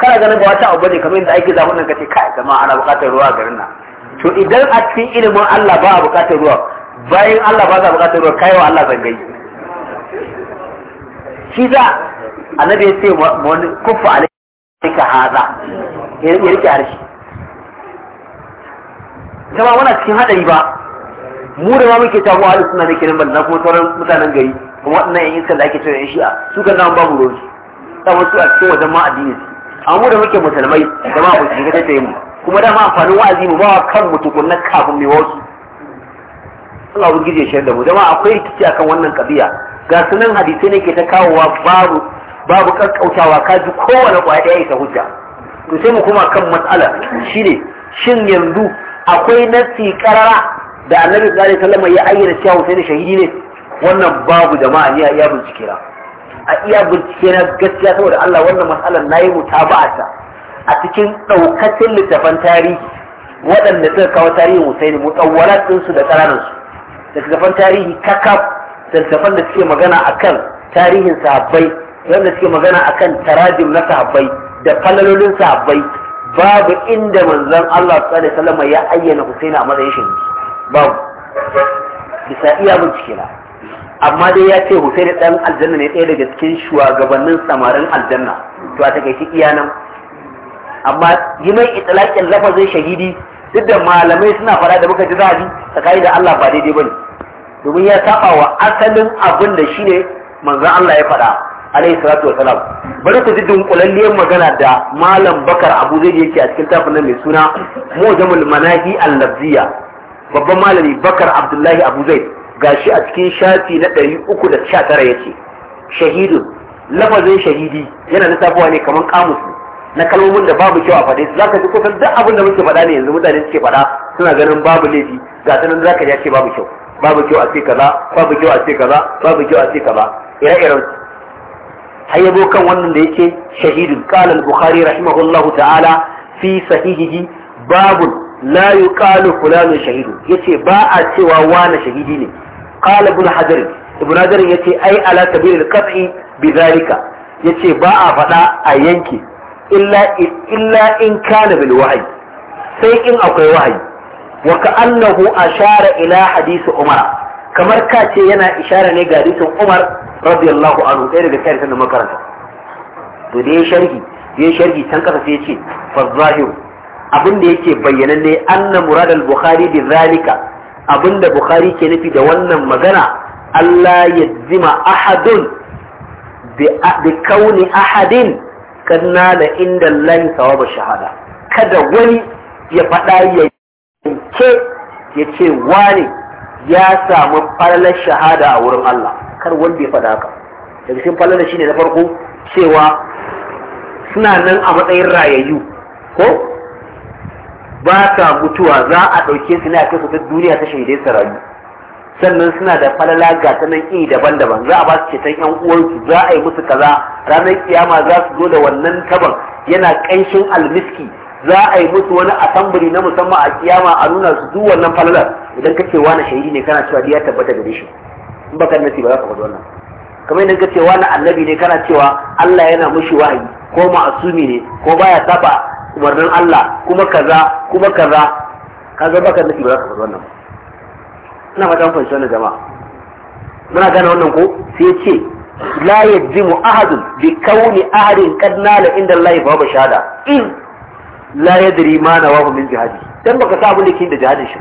kana ganin ba wata abu ne kamar yadda ake zamu nan ka ce kai zama ana buƙatar ruwa a garin nan to idan a cikin ilimin Allah ba a buƙatar ruwa bayan Allah ba za a buƙatar ruwa kai wa Allah zangai shi za annabi ya ce wani kufa ka haza ya rike harshe kama wana cikin haɗari ba mu da ma muke tamu a suna da kiran balla kuma sauran mutanen gari kuma waɗannan yan iskar da ake cewa yan shi'a su kan nan babu ruwan su tsawon su a cikin wajen ma addini su amma mu da muke musulmai da ma musulmi ta tattaye mu kuma dama amfanin wa'azi mu ba wa kan mu tukunna kafin mai wasu Allah ubangiji ya shayar da mu jama'a akwai rikici akan wannan kabiya ga sunan hadisai ne ke ta kawowa babu babu kakkautawa ka ji kowane kwaya ɗaya ita hujja to sai mu kuma kan matsala shine shin yanzu akwai nasi karara da annabi sallallahu alaihi wasallam ya ayyana cewa Husaini shahidi ne wannan babu jama'a ne a iya bincike na a iya bincike na gaskiya saboda Allah wannan matsalar nayi mutaba'ata a cikin daukacin littafan tarihi waɗanda suka kawo tarihin Husaini mutawwalat ɗinsu da ƙananan su littafan tarihi kakaf littafan da suke magana akan tarihin sahabbai wanda suke magana akan tarajim na sahabbai da falalolin sahabbai babu inda manzon Allah sallallahu alaihi ya ayyana Husaini a matsayin shi babu bisa iya bincike na amma dai ya ce Husaini dan aljanna ne ɗaya daga cikin shugabannin samarin aljanna to a takaice iya nan amma yi mai itlaqin lafazin shahidi duk da malamai suna fara da muka ji zabi tsakani da Allah ba daidai bane domin ya saba wa asalin abin da shine manzon Allah ya faɗa alaihi salatu wa salam bari ku ji dunkulalliyar magana da malam bakar abu zai yake a cikin tafin nan mai suna mujamul manahi al-labziya babban malami bakar abdullahi abu zai gashi a cikin shafi na 319 yace shahidun lafazin shahidi yana lissafowa ne kamar kamus na kalmomin da babu kyau a faɗe su zaka ji kusan duk abin da muke faɗa ne yanzu mutane suke faɗa suna ganin babu laifi ga sanan zaka ji ce babu kyau babu kyau a ce kaza babu kyau a kaza babu kyau a kaza ire-iren har yabo kan wannan da yake shahidu qala al-bukhari rahimahullahu ta'ala fi sahihihi babu la yuqalu shahidu yace ba a cewa wani shahidi ne qala ibn hajar ibn hajar yace ai ala kabir al-qat'i bidhalika yace ba a fada a yanke illa illa in kana bil wahyi sai in akwai wahayi wa ka'annahu ashara ila hadisi umar kamar kace yana ishara ne ga hadisin umar radiyallahu anhu ɗaya daga tarihin da makaranta to da ya sharhi ya sharhi can kasa sai ya ce fa zahiru abin da yake bayyanan ne anna murad al-bukhari bi zalika abin da bukhari ke nufi da wannan magana Allah ya zima ahadun bi kauni ahadin kanna da inda sawaba shahada kada wani ya faɗa ya ce ya ce wani ya samu falalar shahada a wurin Allah kar wanda ya faɗa haka daga cikin falala shine na farko cewa suna nan a matsayin rayayyu ko ba ta mutuwa za a ɗauke su ne a kai su ta duniya ta shaidai su rayu sannan suna da falala ga ta nan iri daban-daban za a ba su ceton yan uwansu za a yi musu kaza ranar kiyama za su zo da wannan taban yana ƙanshin almiski za a yi musu wani asambari na musamman a kiyama a nuna su duk wannan falalar idan ka ke wani shahidi ne kana cewa ya tabbata da shi baka baka nasi ba za ka faɗi wannan kamar yadda ce wani annabi ne kana cewa Allah yana mushi wahayi ko ma'asumi ne ko baya saba umarnin Allah kuma kaza kuma kaza kaza baka nasi ba za ka faɗi wannan ina fata mun fahimci wannan jama'a muna gane wannan ko sai ce la yajimu ahadun bi kauni ahadin kad nala inda Allah ba bashada in la yadri ma nawahu min jihadi dan baka sa abin da ke da jihadin shi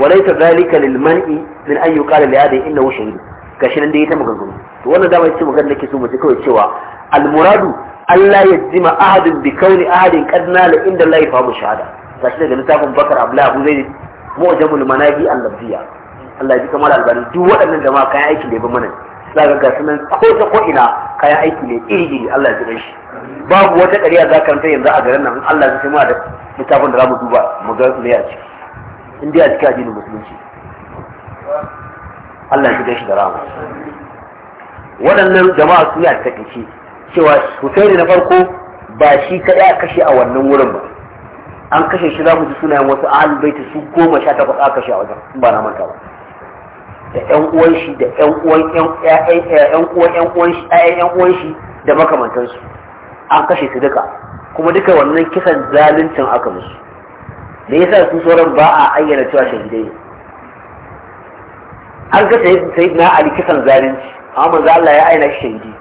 walaita zalika lil man'i min an yuqala li hada innahu shahid gashi nan da ita maganganu to wannan dama yace magana nake so mu ji kawai cewa al muradu Allah ya jima ahadin bi kauni ahadin qad nala inda Allah ya fahimu shahada gashi daga littafin Bakar Abdullah Abu Zaid mu'jamul manabi al-labdiyya Allah ya ji kamar albani duk waɗannan jama'a kayan aiki ne ba mana za ga gasu nan ko ta ko ina kayan aiki ne iri iri Allah ya ji shi babu wata ƙarya za ka yanzu a garin nan Allah ya ji ma da littafin da za mu duba mu ga me ya ciki in dai a cikin addinin musulunci Allah ya shiga da rahama waɗannan jama'a su ya a takaice cewa Husaini na farko ba shi kaɗai a kashe a wannan wurin ba an kashe shi za mu ji sunayen wasu ahlul baiti su goma sha takwas aka kashe a wajen ba na manta ba da ƴan uwan shi da ƴan uwan ƴan uwan ƴan uwan shi ƴaƴan ƴan uwan shi da makamantansu an kashe su duka kuma duka wannan kisan zaluncin aka musu Me yasa su sauran ba a ayyana cewa shahidai an ga sayid na ali kisan zalunci amma manzo Allah ya ayyana shi shahidi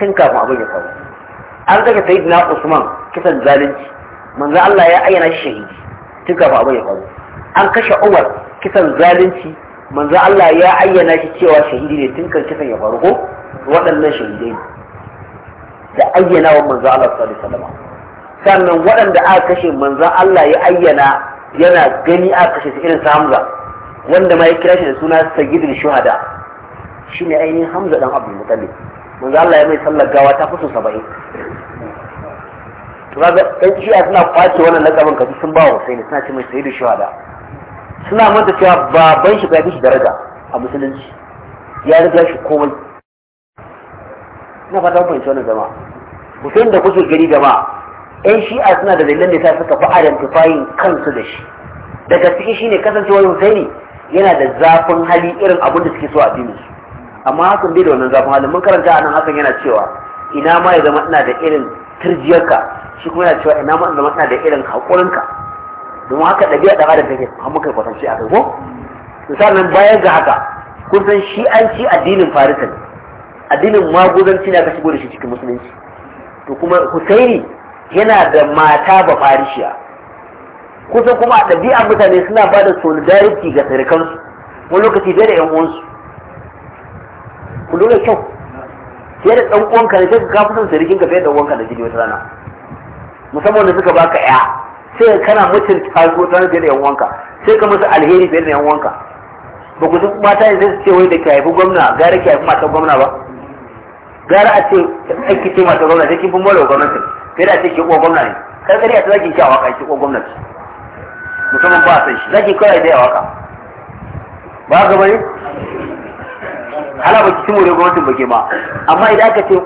tun kafin abin ya faru an ga sayid na usman kisan zalunci manzo Allah ya ayyana shi shahidi tun kafin abin ya faru an kashe umar kisan zalunci manzo Allah ya ayyana shi cewa shahidi ne tun kan kisan ya faru ko waɗannan shahidai ne da ayyana wa manzo Allah sallallahu alaihi wasallam sannan waɗanda aka kashe manzon Allah ya ayyana yana gani a kashe su irin hamza wanda ma ya kira shi da suna sayyidul shuhada ne ainihin hamza dan abdul mutallib manzo Allah ya mai sallar gawa ta fito 70 to Ɗan dan shi'a suna kwace wannan lakabin kaji sun ba wa Husaini suna ce mai sayyidul shuhada suna manta cewa baban shi bai shi daraja a musulunci ya riga shi komai ina fata mun fahimci wannan jama'a Husaini da kuke gari jama'a shi shi'a suna da dalilan da suka fi identifying kansu da shi daga ciki shine kasancewar husaini yana da zafin hali irin abin da suke so a dinin su amma hakan bai da wannan zafin hali mun karanta a nan hakan yana cewa ina ma ya zama ina da irin turjiyarka shi kuma yana cewa ina ma ya zama ina da irin haƙurinka domin haka ɗabi'a ɗan adam take an muka kwatance a kai ko nan bayan ga haka kun san shi'anci addinin farisa ne addinin maguzanci ne aka shigo da shi cikin musulunci to kuma husaini yana da mata ba farishiya kusan kuma a ɗabi'a mutane suna ba da solidarity ga sirikansu wani lokaci bai da 'yan uwansu ku lura kyau fiye da ɗan uwanka ne sai ka kafa son sirikin ka fiye da uwanka da jini wata rana musamman da suka baka 'ya sai kana mutunta su ta fiye da 'yan uwanka sai ka musu alheri fiye da 'yan uwanka ba ku san mata ne sai su ce wai da ke haifi gwamna gara ke haifi matan gwamna ba gara a ce ake ce matan gwamna sai kin fi mora gwamnatin kai da ce ke uwa gwamna kai kariya ta zaki ki a waka ki gwamnati musamman ba sai shi zaki kai da yawa ka ba ga bane hala ba ki cimo ne gwamnatin bage ma amma idan aka ce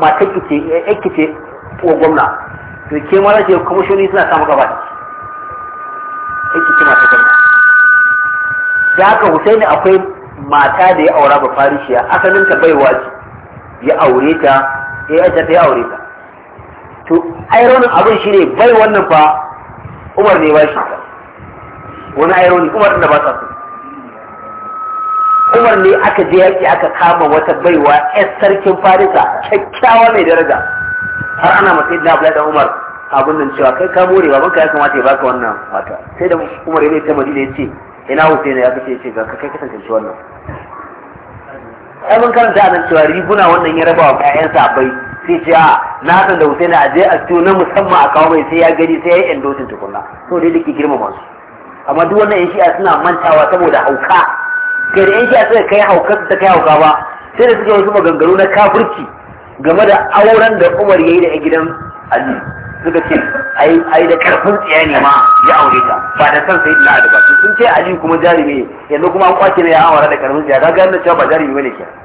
ma ta ce yakki ce gwamna to ke ma ce kwamishoni suna samu gaba da ma ta ta gwamna da haka Husaini akwai mata da ya aura ba farishiya asalin ta baiwa ya aure ta ta ya aure ta to ai raunin abin shi ne bai wannan fa umar ne ba shi wani ai umar da ba sa su umar ne aka je yaki aka kama wata baiwa yar sarkin farisa kyakkyawa mai daraja har ana matsayi da abu da umar abin nan cewa kai ka more baban ka ya kamata ya baka wannan mata sai da umar ya ne ta madina ya ce ina ne ya kace ce ga kai kasance wannan ai mun karanta nan cewa riguna wannan ya raba wa a bai sai ce a na san da Husaini a je a siyo na musamman a kawo mai sai ya gani sai ya yi endosin tukunna so dai duk girma masu, amma duk wannan yan shi'a suna mantawa saboda hauka kai da yan shi'a suka kai hauka su ta kai hauka ba sai da suka wasu maganganu na kafirci game da auren da Umar yayi da gidan Ali suka ce ai ai da karfin tsiya ne ma ya aure ta ba da san sayyidina da ba sun ce Ali kuma jarumi yanzu kuma an kwace ne ya amara da karfin tsiya kaga na cewa ba jarumi bane kenan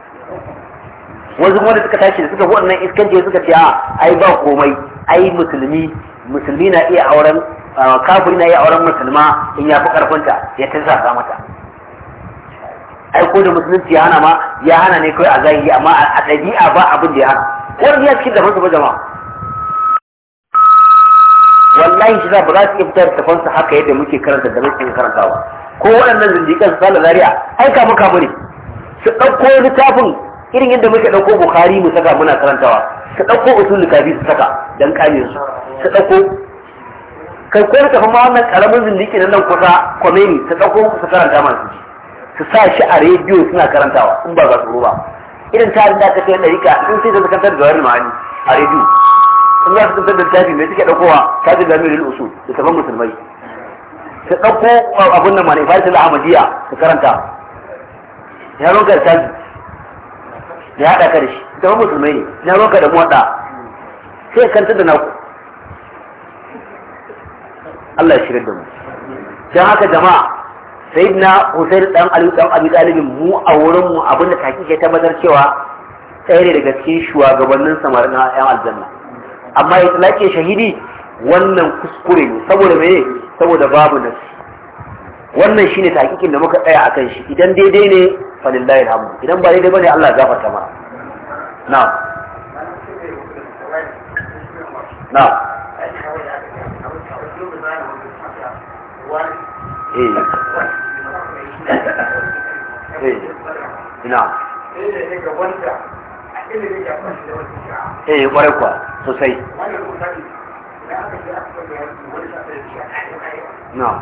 wasu kuma da suka tashi da suka fi wannan iskan je suka ce a ai ba komai ai musulmi musulmi na iya auren kafiri na iya auren musulma in ya fi karfinta ya tazzaka mata ai ko da musulunci ya hana ma ya hana ne kawai a zahiri amma a ɗabi'a ba abin da ya hana wani ya cikin da su ba jama'a wallahi shi za ba za su iya fitar da fansa haka yadda muke karanta da muke karantawa ko waɗannan zindiƙan su sala zariya ai kama kama ne su ɗauko littafin irin yadda muka ɗauko bukari mu saka muna karantawa ka ɗauko usul kabi su saka dan kame su ka ɗauko kai ko ka kuma wannan karamin zindiki na nan kusa komeni ka ɗauko su karanta masu su sa shi a rediyo suna karantawa in ba za su ruba irin tarin da aka ce ɗari ka in sai da kantar da wani ma'ani a rediyo in za su kantar da tafi mai suke ɗaukowa tafi da mai usul da saman musulmai ka ɗauko abun nan ma ne da amadiya ka karanta ya ronka da tafi ya haɗa ka da shi da musulmai ne na roka da motsa sai kanta da naku Allah ya shirya da mu don haka jama'a na Hussein dan Ali dan abu Talib mu a wurin mu abinda kike ta bazar cewa tsaye ne daga cikin shugabannin samarin yan aljanna amma ya tsalake shahidi wannan kuskure ne saboda me saboda babu nasu. wannan shine hakikin da muka tsaya akan shi idan daidai ne falillahi alhamdu idan ba daidai bane Allah gafarta mana na'am na'am eh eh na'am eh kwarai kwa sosai Na.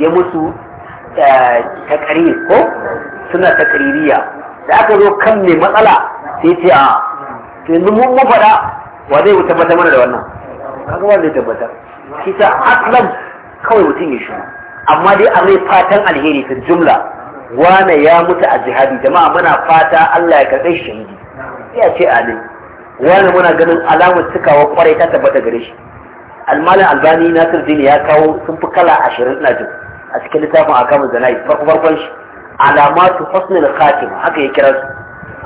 ya mutu eh, takari ko suna takaririya da aka zo kan mai matsala sai ce a ah, yanzu mun mafada wa zai bata mana da wannan kaga wanda zai tabbata shi ta aslam kawai mutum ya shi amma dai a mai fatan alheri ta jumla wane ya mutu a jihadi jama'a muna fata Allah ya karɓi shi shahidi ya ce alim wane muna ganin alamar cikawa kwarai ta tabbata gare shi almalin albani na turjini ya kawo sun fi kala ashirin na jin a cikin littafin a kamun zanayi farko farkon shi alamatu husnul khatima haka ya kira su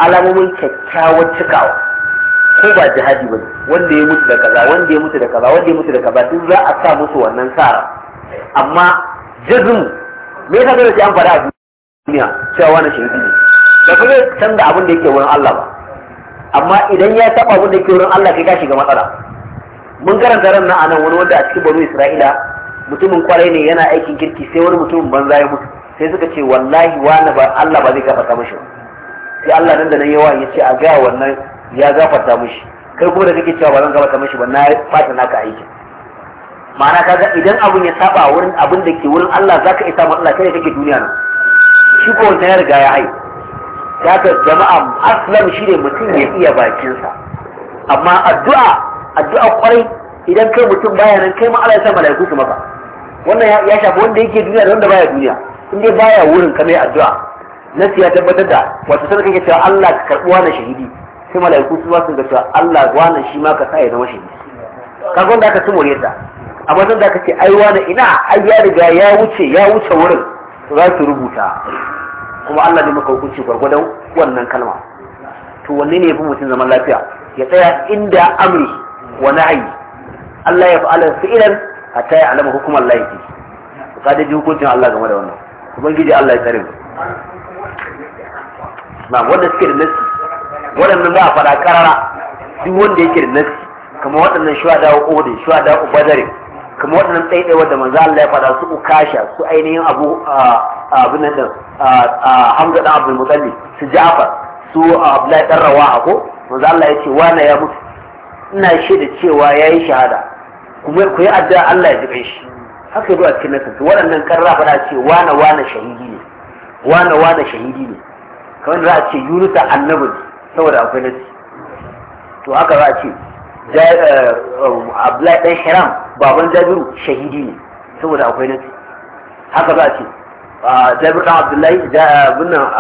alamomin kyakkyawar cikawa ko ba jihadi ba wanda ya mutu da kaza wanda ya mutu da kaza wanda ya mutu da kaza duk za a sa musu wannan sara amma jirgin, me yasa dole sai an faɗa a duniya cewa wani shirki ne da kuma canza abin da yake wurin Allah ba amma idan ya taba abin da yake wurin Allah kai ka shiga matsala mun karanta ran nan anan wani wanda a cikin banu isra'ila mutumin kwarai ne yana aikin kirki sai wani mutumin banza ya mutu sai suka ce wallahi wani ba Allah ba zai gafarta ba. sai Allah nan da nan yawa ya ce a ga wannan ya gafarta mushi. kai kuma da kake cewa ba zan gafarta mishi ba na fata naka aiki. ma'ana kaga idan abun ya saba wurin abin da ke wurin Allah zaka isa Allah kai kake duniya nan shi ko wanda ya riga ya hai zaka jama'a aslam shi ne mutum ya iya bakinsa amma addu'a addu'a kwarai idan kai mutum baya nan kai ma Allah ya sa malaiku su maka wannan ya shafi wanda yake duniya da wanda baya duniya in dai baya wurin ka mai addu'a nasi ya tabbatar da wato sai kake cewa Allah ka karbi wannan shahidi sai malaiku su ba su ga cewa Allah wannan shi ma ka sa ya zama shahidi kaga wanda aka tumure yadda amma zan da kace ai wani ina ai ya riga ya wuce ya wuce wurin to za su rubuta kuma Allah ne maka hukunci gwargwadon wannan kalma to wanne ne ya fi mutum zaman lafiya ya tsaya inda amri wa nahyi Allah ya fa'ala fi'lan hatta ya alama hukumar Allah yake ka da hukuncin Allah game da wannan ubangiji Allah ya tsare mu na wanda suke da nasi Wadannan za a faɗa karara duk wanda yake da nasi kamar waɗannan shuhada wa uhud shuhada wa badar kamar waɗannan dai wanda manzo Allah ya faɗa su kasha su ainihin abu abin nan din Hamza dan Abdul Muttalib su Ja'far su Abdullahi dan Rawaha ko manzo Allah ya ce wana ya mutu ina shaida cewa ya yi shahada kuma ku yi addu'a Allah ya jibe shi haka zuwa cikin nasansu waɗannan ƙarra fara ce wane wane shahidi ne wane wane shahidi ne kamar za a ce yunusa Annabi saboda akwai nasi to haka za a ce eh, abdullahi ɗan hiram baban jabiru shahidi ne saboda akwai nasi haka za a ce jabir ɗan abdullahi bin nan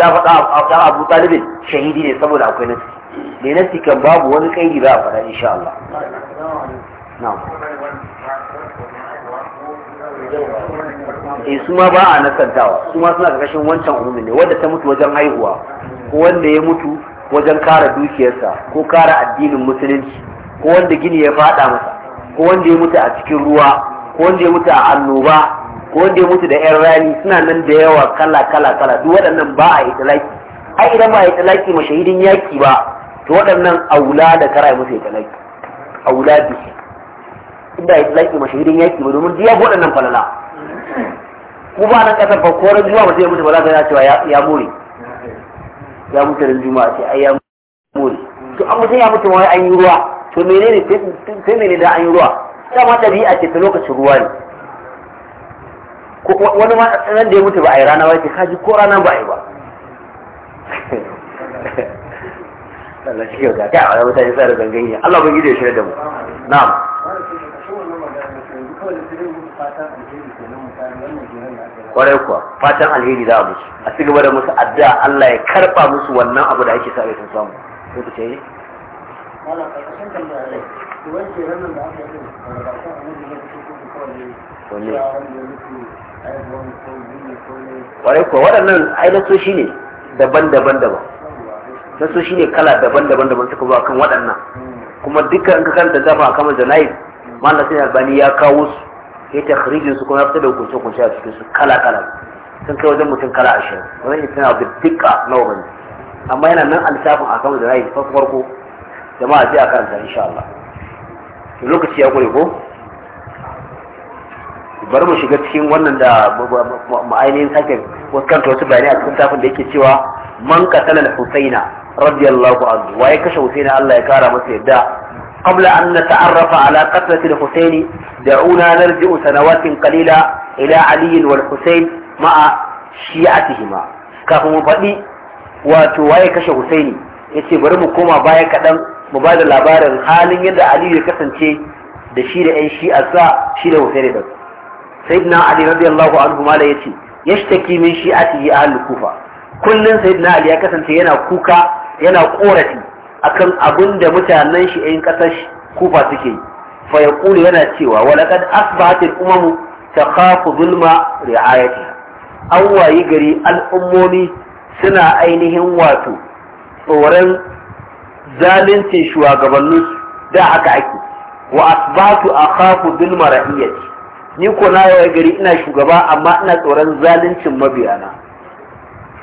jafa ɗan abu talibin shahidi ne saboda akwai nasi da nasi kan babu wani kai za a faɗa insha Allah eh su ma ba a nasantawa su ma suna karkashin wancan umumin ne wanda ta mutu wajen haihuwa ko wanda ya mutu wajen kara dukiyarsa ko kara addinin musulunci ko wanda gini ya fada masa ko wanda ya mutu a cikin ruwa ko wanda ya mutu a annoba ko wanda ya mutu da yan rani suna nan da yawa kala kala kala duk waɗannan ba a talaki, ai idan ba a itilaki mashahidin yaki ba to waɗannan aula da kara ya musu wula aula bi inda itlaki mashahirin yaki ba domin jiya waɗannan falala ku ba nan ƙasar ba ko ran juma'a mutum zai mutu ba za ka yana cewa ya more ya mutu ran juma'a ce ai ya more to an mutu ya mutu ma an yi ruwa to menene sai menene da an yi ruwa dama ɗabi'a ce ta lokacin ruwa ne wani ma nan da ya mutu ba a yi rana ba ce kaji ko rana ba a yi ba sannan Allah ya kwarai kuwa fatan alheri za musu a ci da musu addu'a Allah ya karba musu wannan abu da ake sa sun samu sai kwarai kuwa waɗannan ainihin shi ne daban-daban daban sai shi ne kala daban-daban daban suka zo akan waɗannan kuma dukkan in ka kanta zama a kamar janayi malam sai albani ya kawo su ya takhrijin su kuma ya fita da hukunce hukunce a cikin su kala kala sun kai wajen mutum kala ashirin wannan ita na da dukka na amma yana nan alisafin a kamar janayi fa farko jama'a sai a ta insha Allah lokaci ya gure ko bari mu shiga cikin wannan da ma'ainihin sake wasu kanta wasu bayanai a cikin tafin da yake cewa man qatala al-husaina radiyallahu anhu waye kashe husaina Allah ya kara masa yadda qabla an nata'arrafa ala qatlati al-husaini da'una narji'u sanawatin qalila ila ali wal husain ma'a shi'atihima kafin mu faɗi wato waye kashe husaini ce bari mu koma baya kaɗan mu ba da labarin halin yadda aliyu ya kasance da shi da 'yan sa shi da husaini da sayyidina ali radiyallahu anhu ma da yace yashtaki min shi a ahlul kufa kullun na ali ya kasance yana kuka yana korafi akan abin da mutanen shi ƴan kasar kufa suke yi fa yana cewa wa laqad asbahat al-umamu zulma ri'ayatiha an wayi gari al'ummomi suna ainihin wato tsoron zalincin shugabanninsu da haka ake wa asbatu akhafu zulma ra'iyati ni ko na yawa gari ina shugaba amma ina tsoron zaluncin mabiyana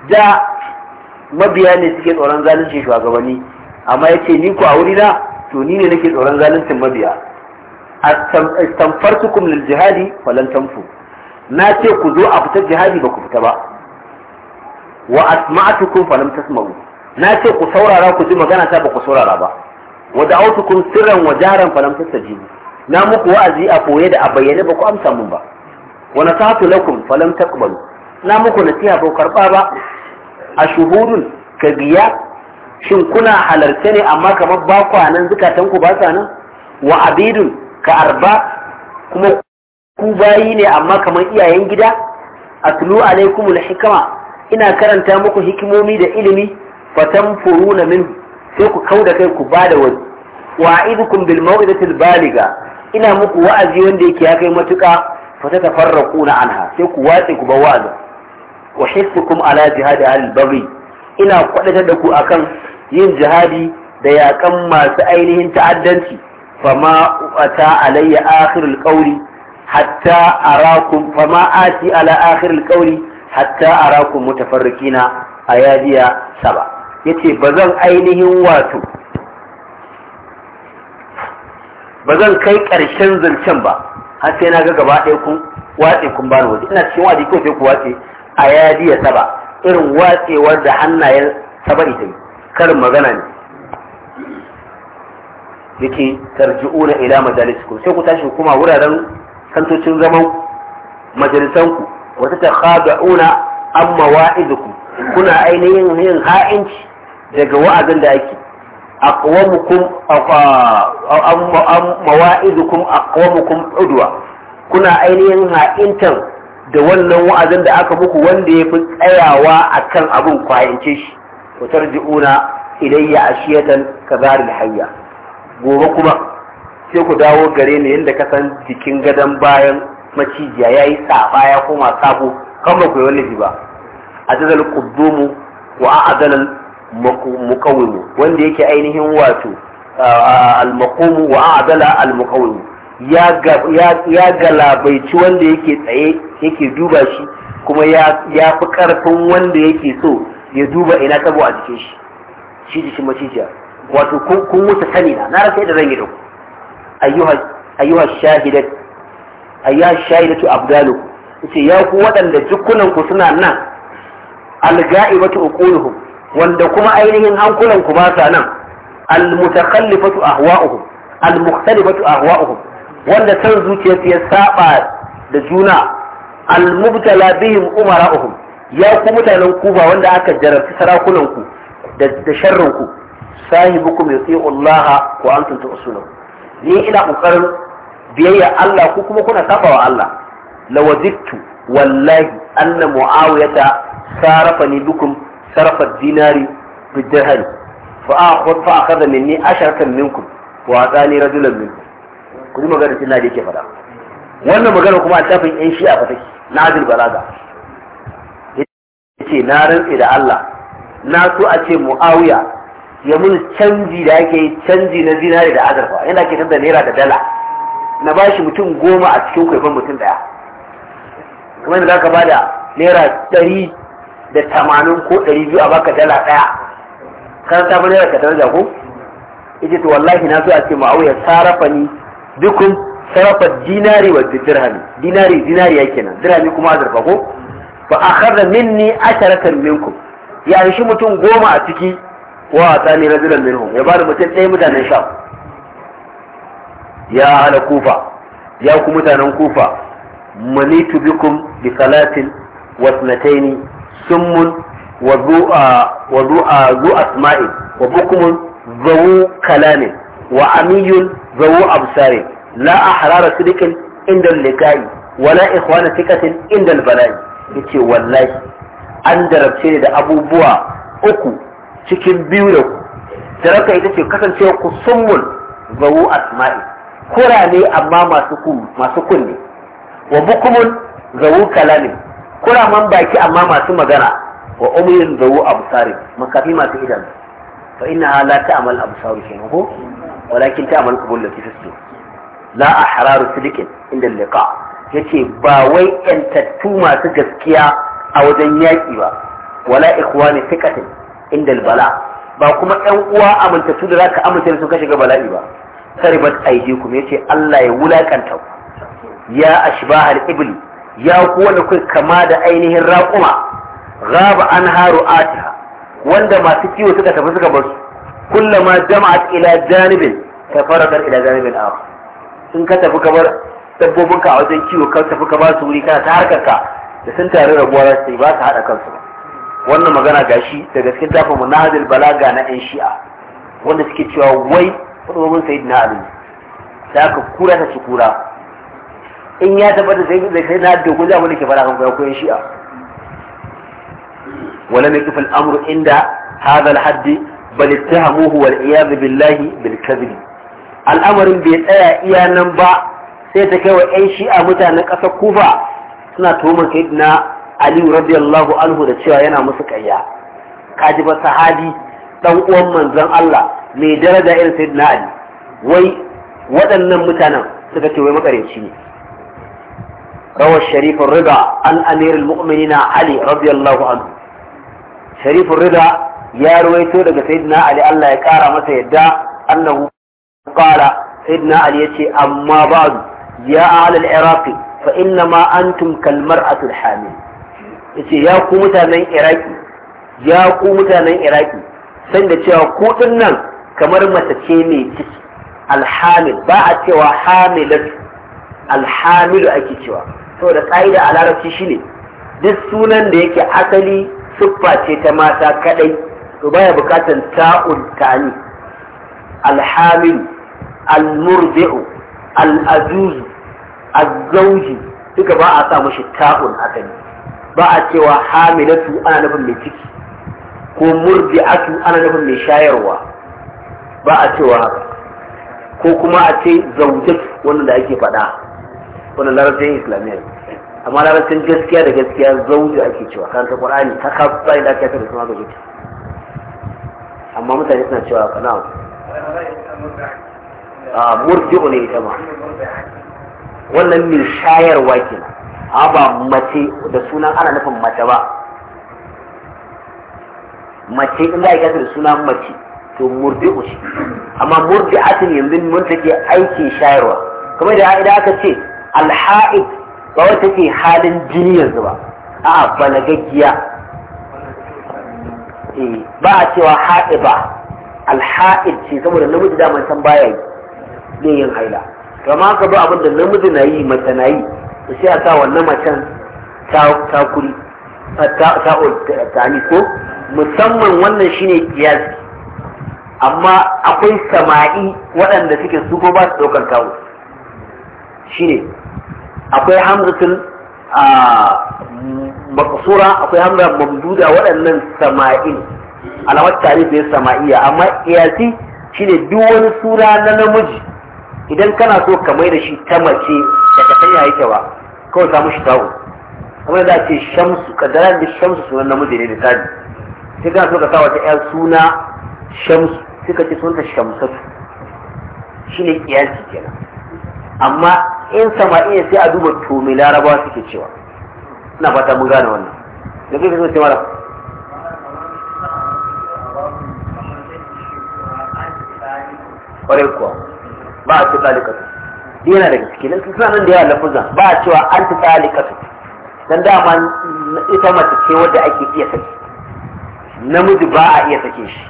da mabiya ne suke tsoron zalunci shugabanni amma yace ni ku a wuri na to ni ne nake tsoron zaluncin mabiya astanfartukum lil jihadi falan tanfu na ce ku zo a fitar jihadi ba ku fita ba wa asma'atukum falam tasma'u na ce ku saurara ku ji magana ta ba ku saurara ba wa da'awtukum sirran wa jaran falam tastajibu na muku wa'azi a koye da a bayyane ba ku amsa mun ba wa nasahatu lakum falam taqbalu na muku nasiha ba ku karba ba a shuhudun ka biya shin kuna halarce ne amma kamar ba kwa nan zukatan ku ba nan wa abidun ka arba kuma ku bayi ne amma kamar iyayen gida atlu alaikumul hikama ina karanta muku hikimomi da ilimi fatanfuruna min sai ku kauda kai ku bada wani wa'idukum bil mau'izatil baliga ina muku wa'azi wanda yake ya kai matuka? fa ta tafarraquna anha sai ku watse ku ba wa'azi wa hissukum ala jihadi ahlul baghi ina kwadatar da ku akan yin jihadi da yakan masu ainihin ta'addanci fama ata alayya qawli hatta arakum fama ati ala qawli hatta arakum mutafarriqina ayadiya saba yace bazan ainihin wato bazan kai zancen ba har sai na ga gaba ɗaya kun watse kun bani waje ina cikin waje sai ku watse a yadi ya saba irin watsewar da hannayen saba ita yi karin magana ne yake na ila majalisku sai ku tashi kuma wuraren kantocin zaman majalisanku wata ta khada'una amma wa'idukum kuna ainihin yin ha'inci daga wa'azin da ake aqwamukum amma wa'idukum aqwamukum udwa kuna ainihin ha'intan da wannan wa'azin da aka muku wanda ya fi tsayawa a kan abin kwayance shi ku idan ya ashiyatan da hanya gobe kuma sai ku dawo gare ni yadda ka san jikin gadon bayan macijiya ya yi safa ya koma sabo kan ba ku yi wani ba a jazal kubdumu wa a'adanan mu, wanda yake ainihin wato al wa a'dala al ya galabaici wanda yake tsaye yake duba shi kuma ya fi karfin wanda yake so ya duba ina tabo a jikin shi shi jikin macijiya wato kun wuce sani na na rasa yadda zan yi da ku ayyuha shahidat ayyuha shahidatu abdalu ce ya ku waɗanda jikunan ku suna nan alga'ibatu uquluhum wanda kuma ainihin hankulan ku ba sa nan almutakhallifatu ahwa'uhum almukhtalifatu ahwa'uhum wanda san zuciyarsu ya saba da juna almubtala bihim umara'uhum ya ku mutanen kufa wanda aka jarabci sarakunan ku da sharrin ku sahibukum yuti'u wa antum tu'sunu ni ina kokarin biyayya Allah ku kuma kuna saba wa Allah lawajidtu wallahi anna muawiyata sarafani bikum sarafa dinari bidirham fa akhadha minni asharatan minkum wa atani rajulan minkum ku ji magana cikin nadi faɗa wannan magana kuma a tafin yan a fa na azil balaga yace na rantsi da Allah na so a ce muawiya ya mun canji da yake canji na zinari da azarfa yana ke da naira da dala na ba shi mutum goma a cikin kwaifan mutum daya kamar yadda ba da naira ɗari da tamanin ko ɗari biyu a baka dala ɗaya kan ta naira ka daraja ko yace to wallahi na so a ce muawiya sarrafa ni bikum sarrafa dinari wa dirhami dinari dinari ya kenan dirhami kuma azurfa ko fa akhadha minni asharatan minkum ya shi mutum goma a ciki wa tani rajulan minhum ya bada mutum ɗaya mutanen sha ya ala kufa ya ku mutanen kufa manitu bikum bi salatin wa sunataini summun wa du'a wa du'a zu'a asma'i wa bukumun zawu kalamin wa amiyun zawo absari la ahrara sidikin inda likai wala ikhwana sikatin inda bala'i yace wallahi an darabce ne da abubuwa uku cikin biyu da ku daraka ita ce kasancewa ku summun zawu asma'i kurane amma masu ku masu kunne wa bukumun zawu kalamin kuraman baki amma masu magana wa umrin zawu absari makafi masu idan. fa inna la ta'mal absaru kenan ko walakin ta amal kubul lati fisu la ahraru sidikin inda liqa yace ba wai yantattu masu gaskiya a wajen yaki ba wala ikhwani thiqatin inda bala ba kuma yan uwa amintattu da zaka amince su ka shiga bala'i ba saribat aidikum yace Allah ya wulakanta ku ya ashbahal ibli ya ku wanda kai kama da ainihin raquma ghaba anharu atiha wanda masu kiwo suka tafi suka bar su kullama jama'at ila janibin ka faradar ila janibin akhar sun ka tafi kamar dabbobin ka a wajen kiwo ka tafi ka su wuri kana ta harkar ka da sun tare rabuwa za su yi ba su haɗa kansu wannan magana gashi da cikin tafin mu nahadul balaga na yan shi'a wanda suke cewa wai fadobin na ali da aka kura ta ci kura in ya tabbata sai zai kai na dogon zai abin da ke fara kan kwaya koyan shi'a wala mai kifin amru, inda hadal haddi bal ittahamuhu wal iyad billahi bil kadhib al'amarin bai tsaya iya nan ba sai ta kai wa ƴan shi'a mutanen ƙasar kufa suna tuhumar sayyidina ali radiyallahu anhu da cewa yana musu ƙarya kaji ba sahabi dan uwan manzon Allah mai daraja irin sayyidina ali wai waɗannan mutanen suka ce wai makareci ne روى الشريف الرضا عن أمير المؤمنين علي رضي ya ruwaito daga sayyidina ali Allah ya kara masa yadda annahu qala sayyidina ali yace amma ba'd ya ahlul iraq fa inna ma antum kal al hamil yace ya ku mutanen iraki ya ku mutanen iraki san da cewa ku nan kamar mace ce mai ciki alhamil ba a cewa hamilat alhamilu ake cewa saboda ka'ida a larabci shine duk sunan da yake asali siffa ce ta mata kadai to baya bukatan ta'ul tani alhamil almurdi'u al'ajuz azzauji duka ba a sa mashi ta'un ne ba a cewa hamilatu ana nufin mai ciki ko murdi'atu ana nufin mai shayarwa ba a cewa haka ko kuma a ce zaujat wannan da ake faɗa wannan larabcin islamiyya amma larabcin gaskiya da gaskiya zauji ake cewa kan ta qur'ani ta kafa da ake ta da kuma gaskiya amma mutane suna cewa ka na a ah, murji'u ne ita ma wannan mai shayarwa ke kenan ba mace da sunan ana nufin mace ba mace in za a kasa da sunan mace to murdi'u ce amma murdi'atin yanzu mun take aikin shayarwa kamar da idan aka ce alha'id ba wata ke halin jini yanzu ba a'a balagaggiya ba a cewa haɗe ba, alha'id ce saboda namiji daman san baya yi ne yin haila to amma ka ba abin namiji na yi mace na yi to sai a sa wannan macen ta kuri ta ni ko musamman wannan shine kiyasi amma akwai sama'i waɗanda suke su ko ba su ɗaukar kawo shine akwai hamzatul a makasura akwai hamza mamduda waɗannan sama'il alamar tarihi ne sama'iya amma iyasi shine duk wani sura na namiji idan kana so ka mai da shi ta mace da ka sanya yake ba kawai samu shi tawo kuma da ce shamsu kadaran da shamsu sunan namiji ne misali sai kana so ka sawa ta yan suna shamsu sai ka ce sunanta shamsatu shine kiyasi kenan amma in sama iya sai a duba to mai larabawa suke cewa ina fata mun gane wannan da kai kasance mara kwarai kuwa ba a ce tsalikatu yana daga ciki nan suna nan da yawa lafuzan ba a cewa an ta tsalikatu dan dama ita mace ce wadda ake iya saki namiji ba a iya sake shi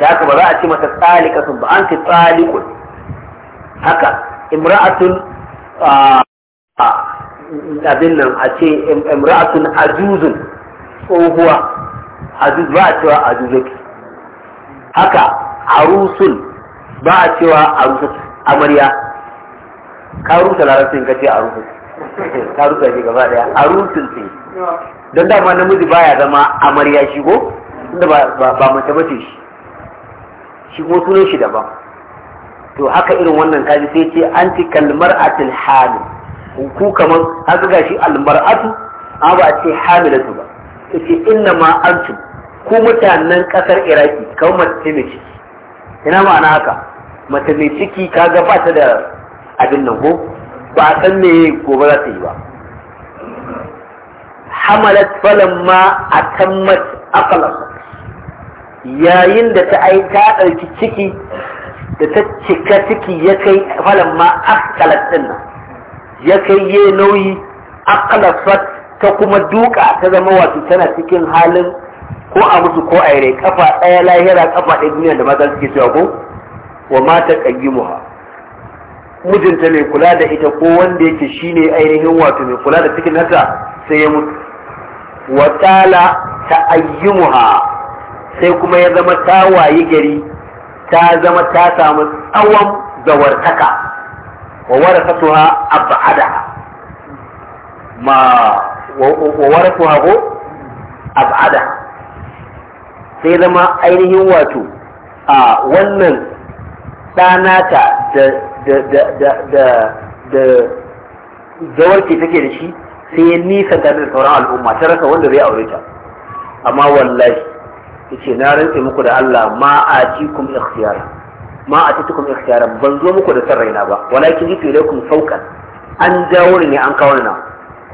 da haka ba za a ce mata tsalikatun ba an ta tsalikun haka imra'atun abin nan a ce imra'atun ajuzun tsohuwa ajuz ba a cewa ajuzaki haka arusun ba a cewa arusun amarya ka rusa larabcin ka ce arusun ka rusa shi gaba daya arusun ce don dama namiji baya zama amarya shi ko inda ba mace mace shi shi sunan shi daban to haka irin wannan kaji sai ce an ci kalmar atil hali ku kamar haka gashi almar'atu an ba a ce hamilatu ba ta ce inna ma antum ku mutanen ƙasar iraki kamar mace mai ciki ina ma'ana haka mace mai ciki ka gaba ta da abin nan ko ba a san me gobe za ta yi ba hamalat falamma atammat akalasa yayin da ta ai ta ciki da ta cika ciki ya kai falon ma akalat din nan ya kai ya nauyi akalat ta kuma duka ta zama wato tana cikin halin ko a mutu ko a yare kafa ɗaya lahira kafa ɗaya duniya da maza suke cewa ko wa mata ha mijinta mai kula da ita ko wanda yake shine ainihin wato mai kula da cikin nata sai ya mutu wa tala ayyumuha sai kuma ya zama tawaye gari ta zama ta samu tsawon zawartaka wa warasatuha ab'adaha ma wa warasatuha ko ab'adaha sai zama ainihin wato a wannan ɗanata da da da da da da zawarci take da shi sai ya nisa da sauran al'umma ta rasa wanda zai aure ta amma wallahi yace na rantse muku da Allah ma atikum ikhtiyar ma atikum ikhtiyar ban zo muku da sarraina ba walakin jitu ilaikum fawqan an dawo ne an kawo na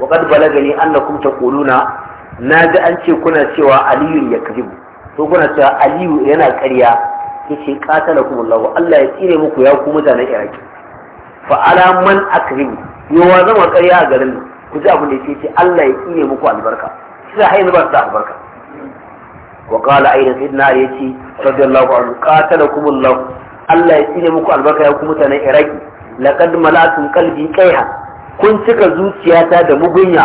wa qad balagani annakum taquluna ga an ce kuna cewa aliyu ya yakzibu to kuna cewa aliyu yana ƙarya yace qatalakumullahu Allah ya tsire muku ya ku mutanen iraki fa ala man akrimu yawa zama ƙarya a garin ku ji abin da yake ce Allah ya tsire muku albarka sai hayi ba su da albarka wa qala da sidna ali yace radiyallahu anhu qatalakumullahu Allah ya tsine muku albarka ya ku mutanen Iraki laqad malatum qalbi qayha kun cika zuciyata da mugunya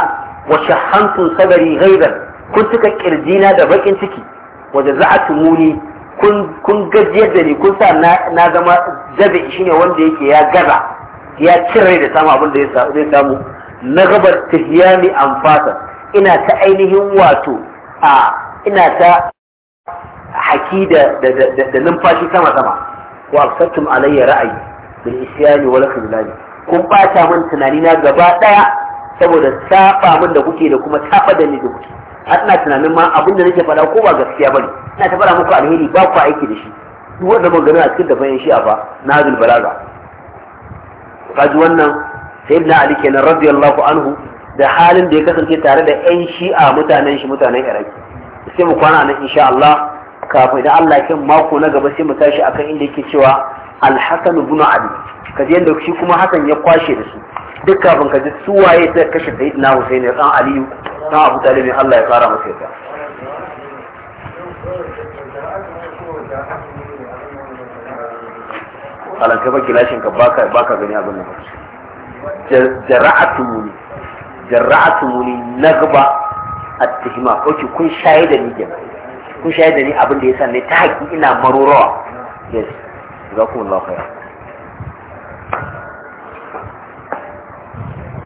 wa shahantu sadri ghaiban kun cika kirjina da bakin ciki wa jaza'tumuni kun kun gajiyar da ni kun sa na zama jabe shine wanda yake ya gaza ya cire da samu abin da zai samu na gabar tahiyami anfasa ina ta ainihin wato a ina ta haki da numfashi sama sama wa afsattum alayya ra'ayi bil isyani wal khizlani kun bata min tunani na gaba daya saboda safa min da kuke da kuma safa da ni da kuke Har ina tunanin ma abin da nake faɗa ko ba gaskiya bane ina ta fara muku alheri ba ku aiki da shi duk wanda gani a cikin da bayan shi a fa na balaga kaji wannan sayyidina ali kenan radiyallahu anhu da halin da ya kasance tare da 'yan shi'a mutanen shi mutanen iraki sai mu kwana nan insha Allah kafin idan Allah ya mako na gaba sai mu tashi akan inda yake cewa al-Hasan ibn Ali kaje yanda shi kuma Hasan ya kwashe da su duk kafin ka su waye sai kashe Sayyidina Husaini dan Aliyu dan Abu Talib Allah ya fara masa yarda kalanka baki gilashin ka baka baka gani abin nan jara'atu muni jara'atu muni nagba at-tihma ko kun shaye da ni kenan kun shayar da ni abin da ya same ta haƙi ina marurowa yes za ku lafiya